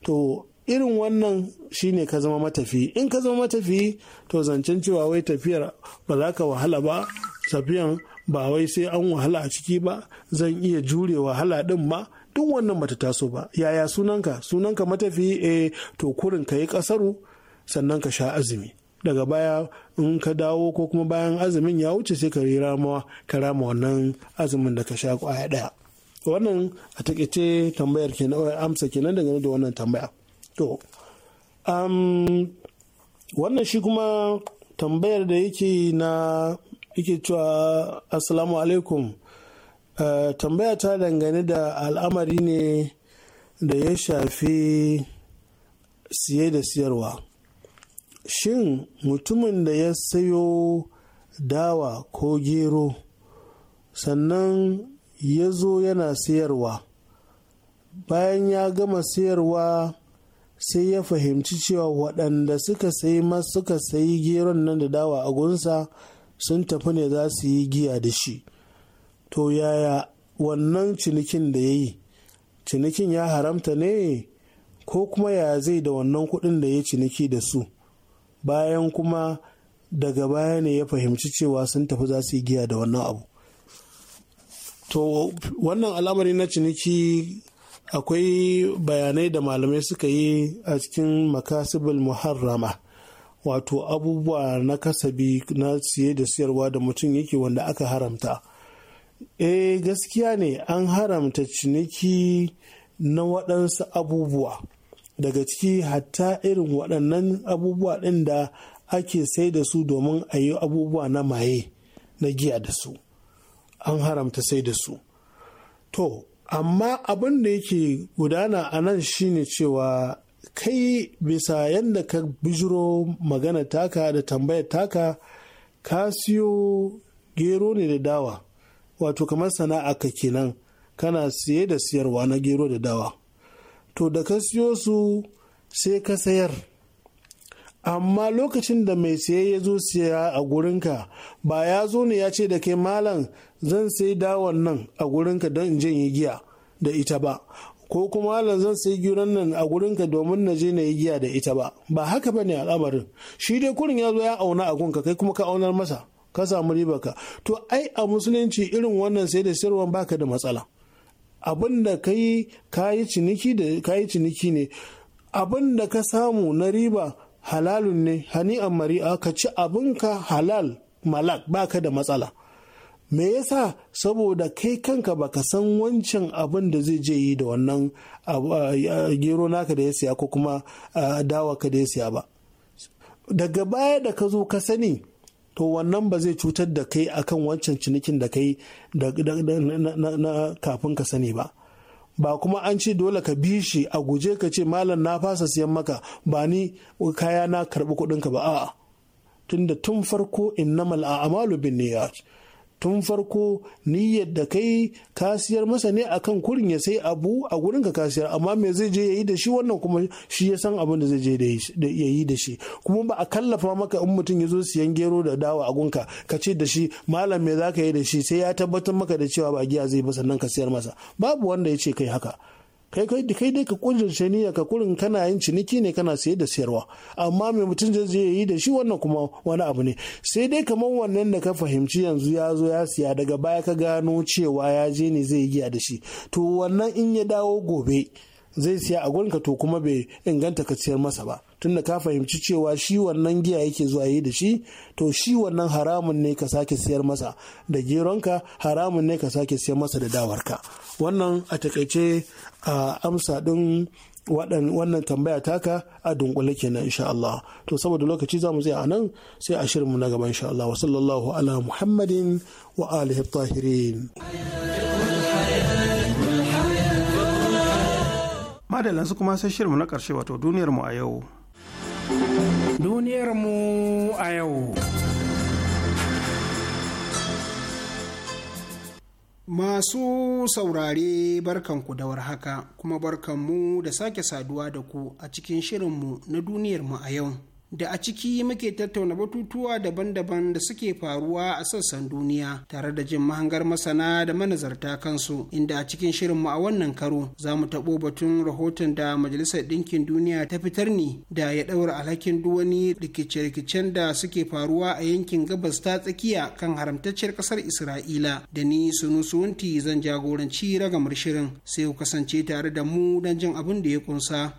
to irin wannan shine ka zama matafi in ka zama matafi to zancen cewa wai tafiyar ba za ka wahala ba tafiyan ba wai sai an wahala a ciki ba zan iya jure wahala din ma duk wannan bata taso ba yaya sunanka sunanka matafi eh to kurin ka yi kasaru sannan ka sha azumi daga baya in ka dawo ko kuma bayan azumin ya wuce sai ka rama ka rama wannan azumin da ka sha kwaya daya wannan a takaice tambayar kenan eh, amsa kenan daga da wannan tambaya to um, wannan shi kuma tambayar da yake na yake cewa assalamu alaikum eh, tambaya ta dangane da al'amari ne da ya shafi siye da siyarwa shin mutumin da ya sayo dawa ko gero sannan ya zo yana sayarwa bayan ya gama sayarwa sai ya fahimci cewa waɗanda suka sayi suka sayi geron nan da dawa a gunsa sun tafi ne za su yi giya da shi to yaya wannan cinikin da ya yi cinikin ya haramta ne ko kuma yaya zai da wannan kuɗin da ya ciniki da su bayan kuma daga baya ne ya fahimci cewa sun tafi za su yi giya da wannan abu to wannan al'amari na ciniki akwai bayanai da malamai suka yi a cikin makasibul muharrama wato abubuwa na kasabi na siye da siyarwa da mutum yake wanda aka haramta e gaskiya ne an haramta ciniki na waɗansu abubuwa daga ciki hatta irin waɗannan abubuwa ɗin da ake sai da su domin a yi abubuwa na maye na giya da su an haramta sai da su to amma abin da yake gudana a nan shine cewa kai bisa yadda ka bijiro magana taka da tambayar taka ka siyo gero ne da dawa wato kamar sana'a ka kenan kana siye da siyarwa na gero da dawa to da ka siyo su sai ka sayar amma lokacin da mai siye ya zo siya a gurinka ba ya zo ne ya ce da kai malam zan sai dawon nan a gurinka don in yi giya da ita ba ko kuma malam zan sai giran nan a gurinka domin na je na yi giya da ita ba ba haka ba ne al'amarin shi dai kurin ya zo ya auna a gunka kai kuma ka aunar masa ka samu ribarka to ai a musulunci irin wannan sai da sirwan baka da matsala abin da ka yi kayi ciniki ciniki ne abin da ka samu na riba halalun ne hani'an mari'a ka ci abinka halal malak baka da matsala me yasa saboda kai kanka ba ka san wancan abin da zai je yi da wannan gero naka da ya siya ko kuma dawa ka da ya siya ba daga baya da ka zo ka sani to wannan ba zai cutar da kai akan wancan cinikin da kai na kafin ka sani ba ba kuma an ce dole ka bi shi a guje ka ce malam na fasa siyan maka ba ni kaya na karɓi kuɗinka ba a'a tunda tun farko in na innamal a'malu bin niyyat tun farko niyyar da kai kasiyar masa ne akan kurin ya sai abu a gurin ka kasiyar amma me zai je yayi da shi wannan kuma shi ya san abin da zai je da yayi da shi kuma ba a kallafa maka in mutum ya zo siyan gero da dawa a gunka ka ce da shi malam me zaka yi da shi sai ya tabbatar maka da cewa ba giya zai ba sannan ka siyar masa babu wanda ya ce kai haka kai kai da kai dai ka kujirce shaniya ka kurin kana yin ciniki ne kana saye da sayarwa amma mai mutum zai je yi da shi wannan kuma wani abu ne sai dai kamar wannan da ka fahimci yanzu ya zo ya siya daga baya ka gano cewa ya je ne zai yi giya da shi to wannan in ya dawo gobe zai siya a gurinka to kuma bai inganta ka siyar masa ba tunda ka fahimci cewa shi wannan giya yake zuwa yi da shi to shi wannan haramun ne ka sake siyar masa da geronka haramun ne ka sake siyar masa da dawarka wannan a takaice a amsa din wannan tambaya taka a dunkule kenan insha Allah to saboda lokaci za mu tsaya a nan sai a shirinmu na gaba insha Allah wa sallallahu ala muhammadin wa alihi tahirin madalin su kuma sai shirinmu na karshe wato duniyar mu a yau duniyar mu a yau. Masu saurare barkan ku da warhaka kuma barkanmu da sake saduwa da ku a cikin shirin mu na duniyarmu a yau. da a ciki muke tattauna batutuwa daban-daban da suke faruwa a sassan duniya tare da jin mahangar masana da manazarta kansu inda a cikin shirinmu a wannan karo za mu taɓo batun rahoton da majalisar ɗinkin duniya ta fitar ne da ya ɗaura alhakin duwani rikice-rikicen da suke faruwa a yankin gabas ta tsakiya kan haramtacciyar ƙasar isra'ila da ni sunu wunti zan jagoranci ragamar shirin sai ku kasance tare da mu don jin abin da ya ƙunsa.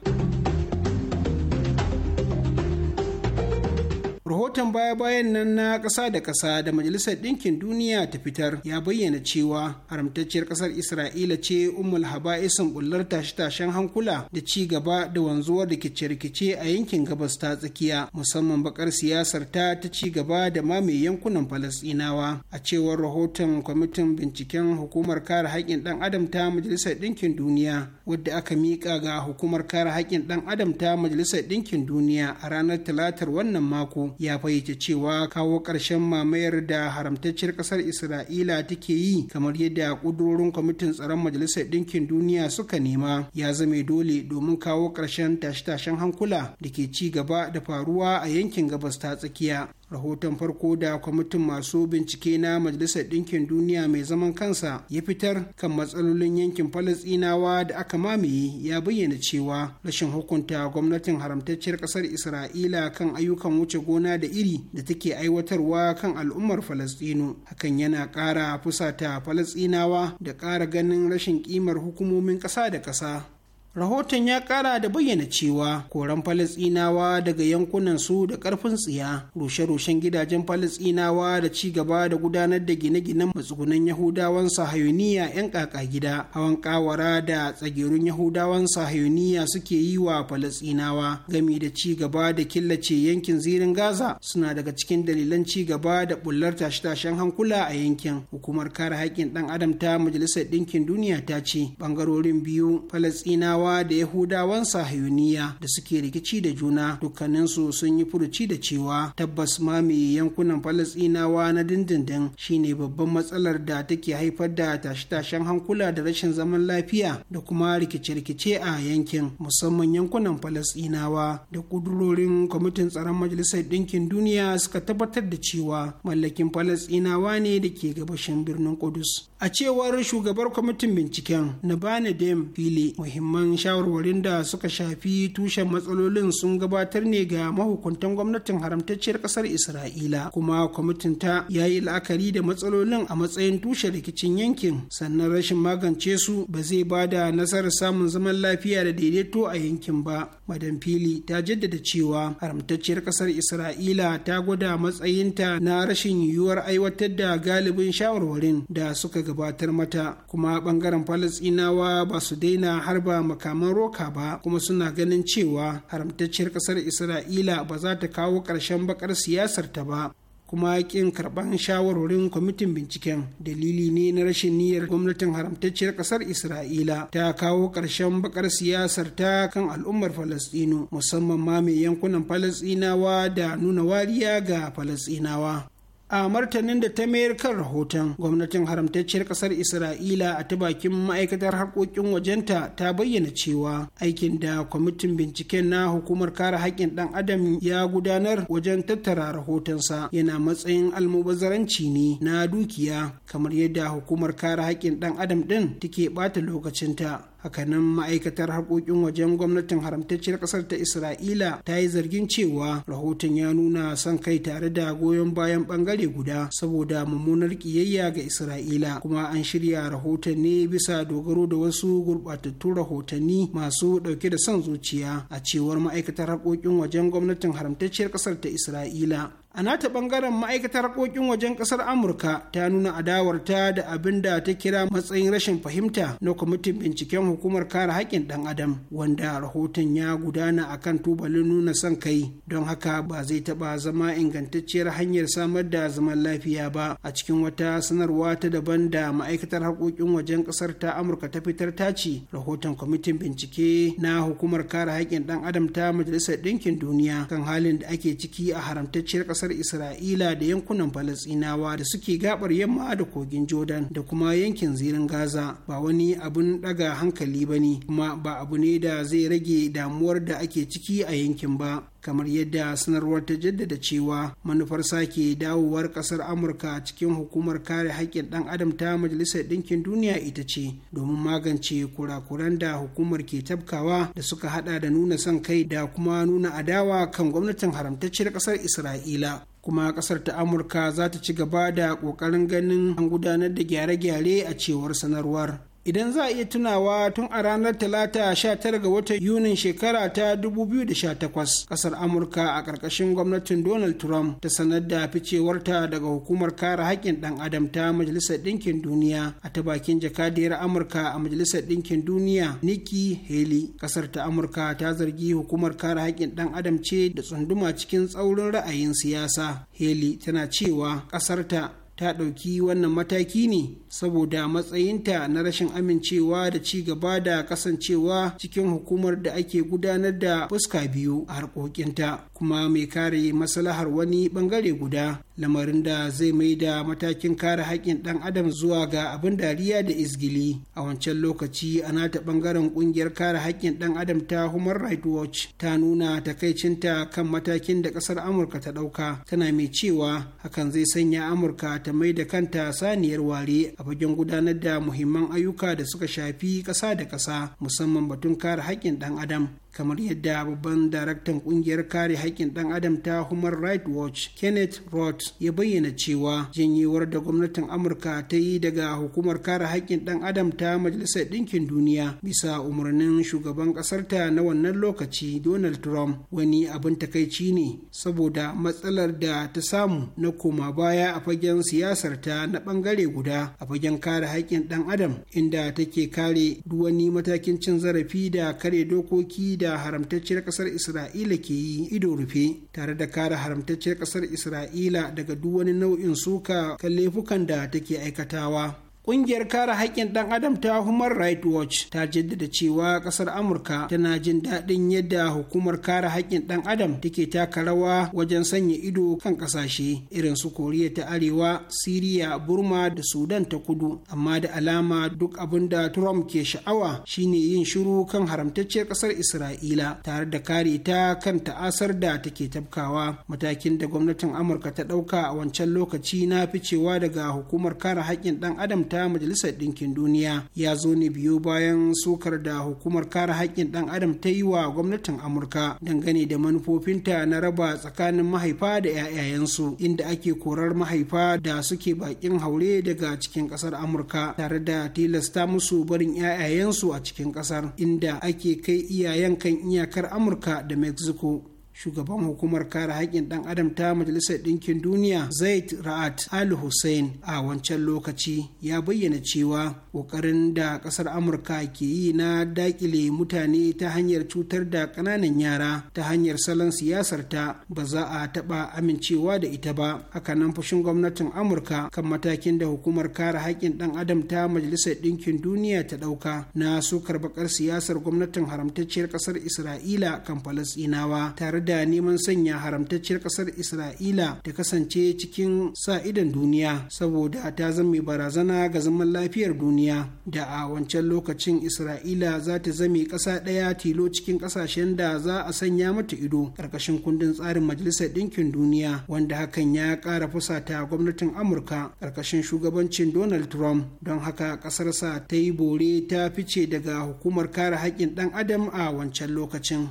rahoton baya-bayan nan na ƙasa da ƙasa da majalisar ɗinkin duniya ta fitar ya bayyana cewa haramtacciyar ƙasar isra'ila ce ummul haba'isin bullar tashe-tashen hankula da ci gaba da wanzuwar rikice-rikice a yankin gabas ta tsakiya musamman bakar siyasar ta ta ci gaba da mamaye yankunan falasɗinawa a cewar rahoton kwamitin binciken hukumar kare haƙƙin ɗan adam ta majalisar ɗinkin duniya wadda aka miƙa ga hukumar kare haƙƙin ɗan adam ta majalisar ɗinkin duniya a ranar talatar wannan mako ya ya fahimci cewa kawo ƙarshen mamayar da haramtacciyar ƙasar isra'ila take yi kamar yadda ƙudurorin kwamitin tsaron majalisar ɗinkin duniya suka nema ya zame dole domin kawo ƙarshen tashe-tashen hankula da ke ci gaba da faruwa a yankin gabas ta tsakiya rahoton farko da kwamitin masu bincike na majalisar ɗinkin duniya mai zaman kansa ya fitar kan matsalolin yankin falasɗinawa da aka mamaye ya bayyana cewa rashin hukunta gwamnatin haramtacciyar ƙasar isra'ila kan ayyukan wuce gona da iri da take aiwatarwa kan al'ummar Falasinu, hakan yana ƙara fusata falasɗinawa da ƙara ganin rashin ƙimar hukumomin ƙasa da ƙasa rahoton ya kara da bayyana cewa koran falasinawa daga yankunan su da karfin tsiya rushe-rushen gidajen falasinawa da ci gaba da gudanar da gine-ginen matsugunan yahudawan sahayuniya 'yan kaka gida hawan kawara da tsagerun yahudawan sahayuniya suke yi wa falasinawa gami da ci gaba da killace yankin zirin gaza suna daga cikin dalilan ci gaba da bullar tashe-tashen hankula a yankin hukumar kare haƙƙin ɗan adam ta majalisar ɗinkin duniya ta ce Bangarorin biyu falasinawa Falastinawa da Yahudawan Sahiyuniya da suke rikici da juna dukkaninsu sun yi furuci da cewa tabbas ma mai yankunan falasɗinawa na dindindin shine babban matsalar da take haifar da tashe-tashen hankula da rashin zaman lafiya da kuma rikice-rikice a yankin musamman yankunan falasɗinawa da kudurorin kwamitin tsaron Majalisar Ɗinkin Duniya suka tabbatar da cewa mallakin falasɗinawa ne da ke gabashin birnin Kudus. A cewar shugabar kwamitin binciken na Dem Fili muhimman shawarwarin da suka shafi tushen matsalolin sun gabatar ne ga mahukuntan gwamnatin haramtacciyar kasar isra'ila kuma kwamitin ta ya yi la'akari da matsalolin a matsayin tushen rikicin yankin sannan rashin magance su ba zai ba da nasarar samun zaman lafiya da daidaito a yankin ba madam fili ta jaddada cewa haramtacciyar kasar isra'ila ta gwada matsayinta na rashin yiwuwar aiwatar da galibin shawarwarin da suka gabatar mata kuma bangaren falasinawa ba su daina harba makaman roka ba kuma suna ganin cewa haramtacciyar kasar isra'ila ba za ta kawo ƙarshen bakar siyasar ta ba kuma ƙin karɓar shawarorin kwamitin binciken dalili ne na rashin niyyar gwamnatin haramtacciyar kasar isra'ila ta kawo ƙarshen bakar siyasar ta kan al'ummar falastinu musamman ma mai yankunan falastinawa da nuna wariya ga falasɗinawa a martanin da ta mayar kan rahoton gwamnatin haramtacciyar kasar isra'ila a ta bakin ma'aikatar harkokin wajenta ta bayyana cewa aikin da kwamitin binciken na hukumar kare haƙƙin ɗan adam ya gudanar wajen tattara rahotonsa yana matsayin almubazzaranci ne na dukiya kamar yadda hukumar kare haƙƙin ɗan adam ɗin take ɓata lokacinta hakanan ma'aikatar haƙoƙin wajen gwamnatin haramtacciyar ƙasar ta isra'ila ta yi zargin cewa rahoton ya nuna son kai tare da goyon bayan ɓangare guda saboda mummunar ƙiyayya ga isra'ila kuma an shirya rahoton ne bisa dogaro da wasu gurɓatattun rahotanni masu ɗauke da son zuciya a cewar ma'aikatar haƙoƙin wajen gwamnatin haramtacciyar ƙasar ta isra'ila a nata bangaren ma'aikatar harkokin wajen kasar amurka ta nuna adawarta da abin da ta kira matsayin rashin fahimta na kwamitin binciken hukumar kare haƙƙin ɗan adam wanda rahoton ya gudana a kan tubalin nuna son kai don haka ba zai taɓa zama ingantacciyar hanyar samar da zaman lafiya ba a cikin wata sanarwa ta daban da ma'aikatar harkokin wajen kasar ta amurka ta fitar ta ce rahoton kwamitin bincike na hukumar kare haƙƙin ɗan adam ta majalisar ɗinkin duniya kan halin da ake ciki a haramtacciyar Kasar isra'ila da yankunan falasinawa da suke gabar yamma da kogin jordan da kuma yankin zirin gaza ba wani abun ɗaga hankali ba ne kuma ba abu ne da zai rage damuwar da ake ciki a yankin ba kamar yadda sanarwar ta jaddada cewa manufar sake dawowar kasar amurka cikin hukumar kare haƙƙin ɗan adam ta majalisar ɗinkin duniya ita ce domin magance kurakuran da hukumar ke tabkawa da suka hada da nuna son kai da kuma nuna adawa kan gwamnatin haramtacciyar ƙasar isra'ila kuma kasar ta amurka za ta ci gaba da kokarin ganin an gudanar da gyare-gyare a cewar sanarwar idan za a iya tunawa tun a ranar talata 19 ga watan yunin shekara ta 2018 kasar amurka a ƙarƙashin gwamnatin donald trump ta sanar da ficewarta daga hukumar kare haƙƙin ɗan adam ta majalisar ɗinkin duniya a ta bakin jakadiyar amurka a majalisar ɗinkin duniya nikki haley kasar ta amurka ta zargi hukumar kare haƙƙin ɗan adam ce da tsunduma cikin tsaurin ra'ayin siyasa haley tana cewa ƙasarta ta ɗauki wannan mataki ne saboda matsayinta na rashin amincewa da ci gaba da kasancewa cikin hukumar da ake gudanar da fuska biyu a harkokinta kuma mai kare masalahar wani bangare guda lamarin da zai mai da matakin kare haƙƙin ɗan adam zuwa ga abin dariya da izgili a wancan lokaci a nata ɓangaren ƙungiyar kare haƙƙin ɗan adam ta human rights watch ta nuna takaicinta kan matakin da ƙasar amurka ta ɗauka tana mai cewa hakan zai sanya amurka ta mai da kanta saniyar ware a fagen gudanar da muhimman ayyuka da suka shafi ƙasa da ƙasa musamman batun kare haƙƙin ɗan adam kamar yadda babban daraktan kungiyar kare haƙƙin ɗan adam ta human right watch kenneth roth ya bayyana cewa janyewar da gwamnatin amurka ta yi daga hukumar kare haƙƙin ɗan adam ta majalisar ɗinkin duniya bisa umarnin shugaban ƙasarta na wannan lokaci donald trump wani abin takaici ne saboda matsalar da ta samu na koma baya a fagen siyasar ta na ɓangare guda a fagen kare haƙƙin ɗan adam inda take kare wani matakin cin zarafi da kare dokoki da haramtacciyar kasar isra'ila ke yi ido rufe tare da kare haramtacciyar kasar isra'ila daga duk wani nau'in suka kan laifukan da take aikatawa Ƙungiyar kare haƙƙin ɗan adam ta Human Rights Watch ta jaddada cewa ƙasar Amurka tana jin daɗin yadda hukumar kare haƙƙin ɗan adam take taka rawa wajen sanya ido kan ƙasashe irin su Koriya ta Arewa, Siriya, Burma da Sudan ta Kudu. Amma da alama duk abin da Trump ke sha'awa shine yin shiru kan haramtacciyar ƙasar Isra'ila tare da kare ta kan ta'asar da take tafkawa. Matakin da gwamnatin Amurka ta ɗauka a wancan lokaci na ficewa daga hukumar kare haƙƙin ɗan adam ta majalisar ɗinkin duniya ya zo ne biyo bayan sukar da hukumar kare haƙƙin ɗan adam ta yi wa gwamnatin amurka dangane da manufofinta na raba tsakanin mahaifa da 'ya'yayensu inda ake korar mahaifa da suke bakin haure daga cikin ƙasar amurka tare da tilasta musu barin 'ya'yayensu a cikin ƙasar inda ake kai iyayen kan iyakar amurka da mexico shugaban hukumar kare haƙƙin ɗan adam ta majalisar ɗinkin duniya zaid ra'at al hussein a wancan lokaci ya bayyana cewa ƙoƙarin da ƙasar amurka ke yi na daƙile mutane ta hanyar cutar da ƙananan yara ta hanyar salon siyasar ta ba za a taɓa amincewa da ita ba hakanan fushin gwamnatin amurka kan matakin da hukumar kare haƙƙin ɗan adam ta majalisar ɗinkin duniya ta ɗauka na sukar bakar siyasar gwamnatin haramtacciyar ƙasar isra'ila kan falasɗinawa tare da da neman sanya haramtacciyar ƙasar isra'ila ta kasance cikin sa idan duniya saboda ta zama barazana ga zaman lafiyar duniya da a wancan lokacin isra'ila za ta zame ƙasa ɗaya tilo cikin ƙasashen da za a sanya mata ido ƙarƙashin kundin tsarin majalisar ɗinkin duniya wanda hakan ya ƙara fusata gwamnatin amurka ƙarƙashin shugabancin donald trump don haka sa ta yi bore ta fice daga hukumar kare haƙƙin ɗan adam a wancan lokacin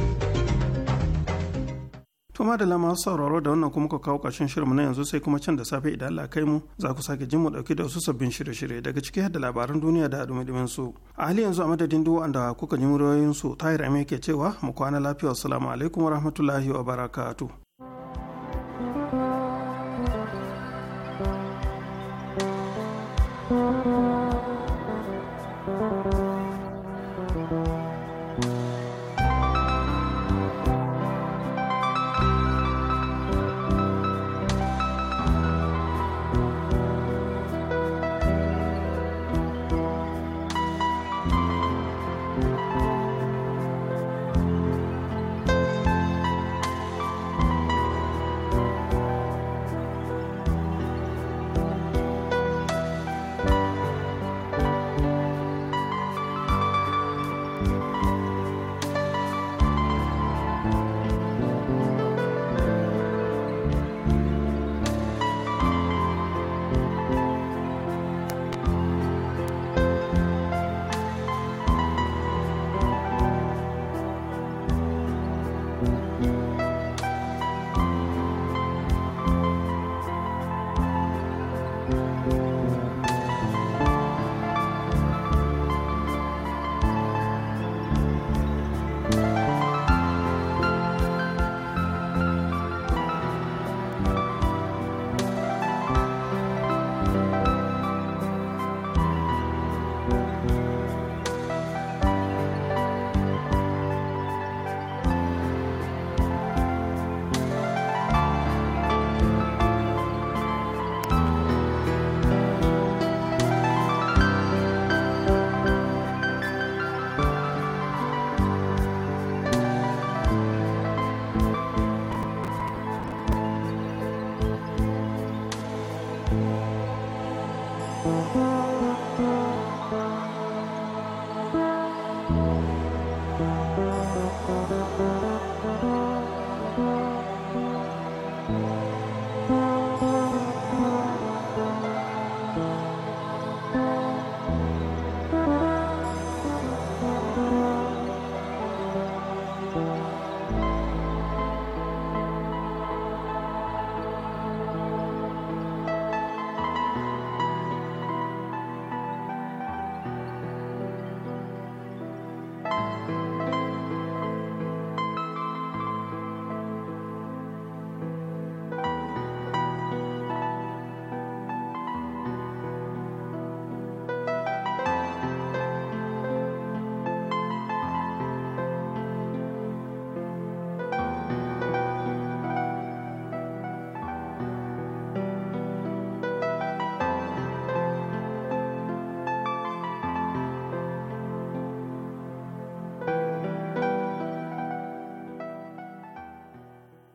Tuma da lama sauraro da wannan kuma ka kawo ƙarshen shirinmu na yanzu sai kuma can da safe idan Allah kai mu za ku sake jin mu dauki da wasu sabbin shirye-shirye daga ciki da labaran duniya da dumi su. A hali yanzu a madadin duk wanda kuka ji muryoyin su yi Ame ke cewa mu kwana lafiya assalamu alaikum wa rahmatullahi wa barakatu.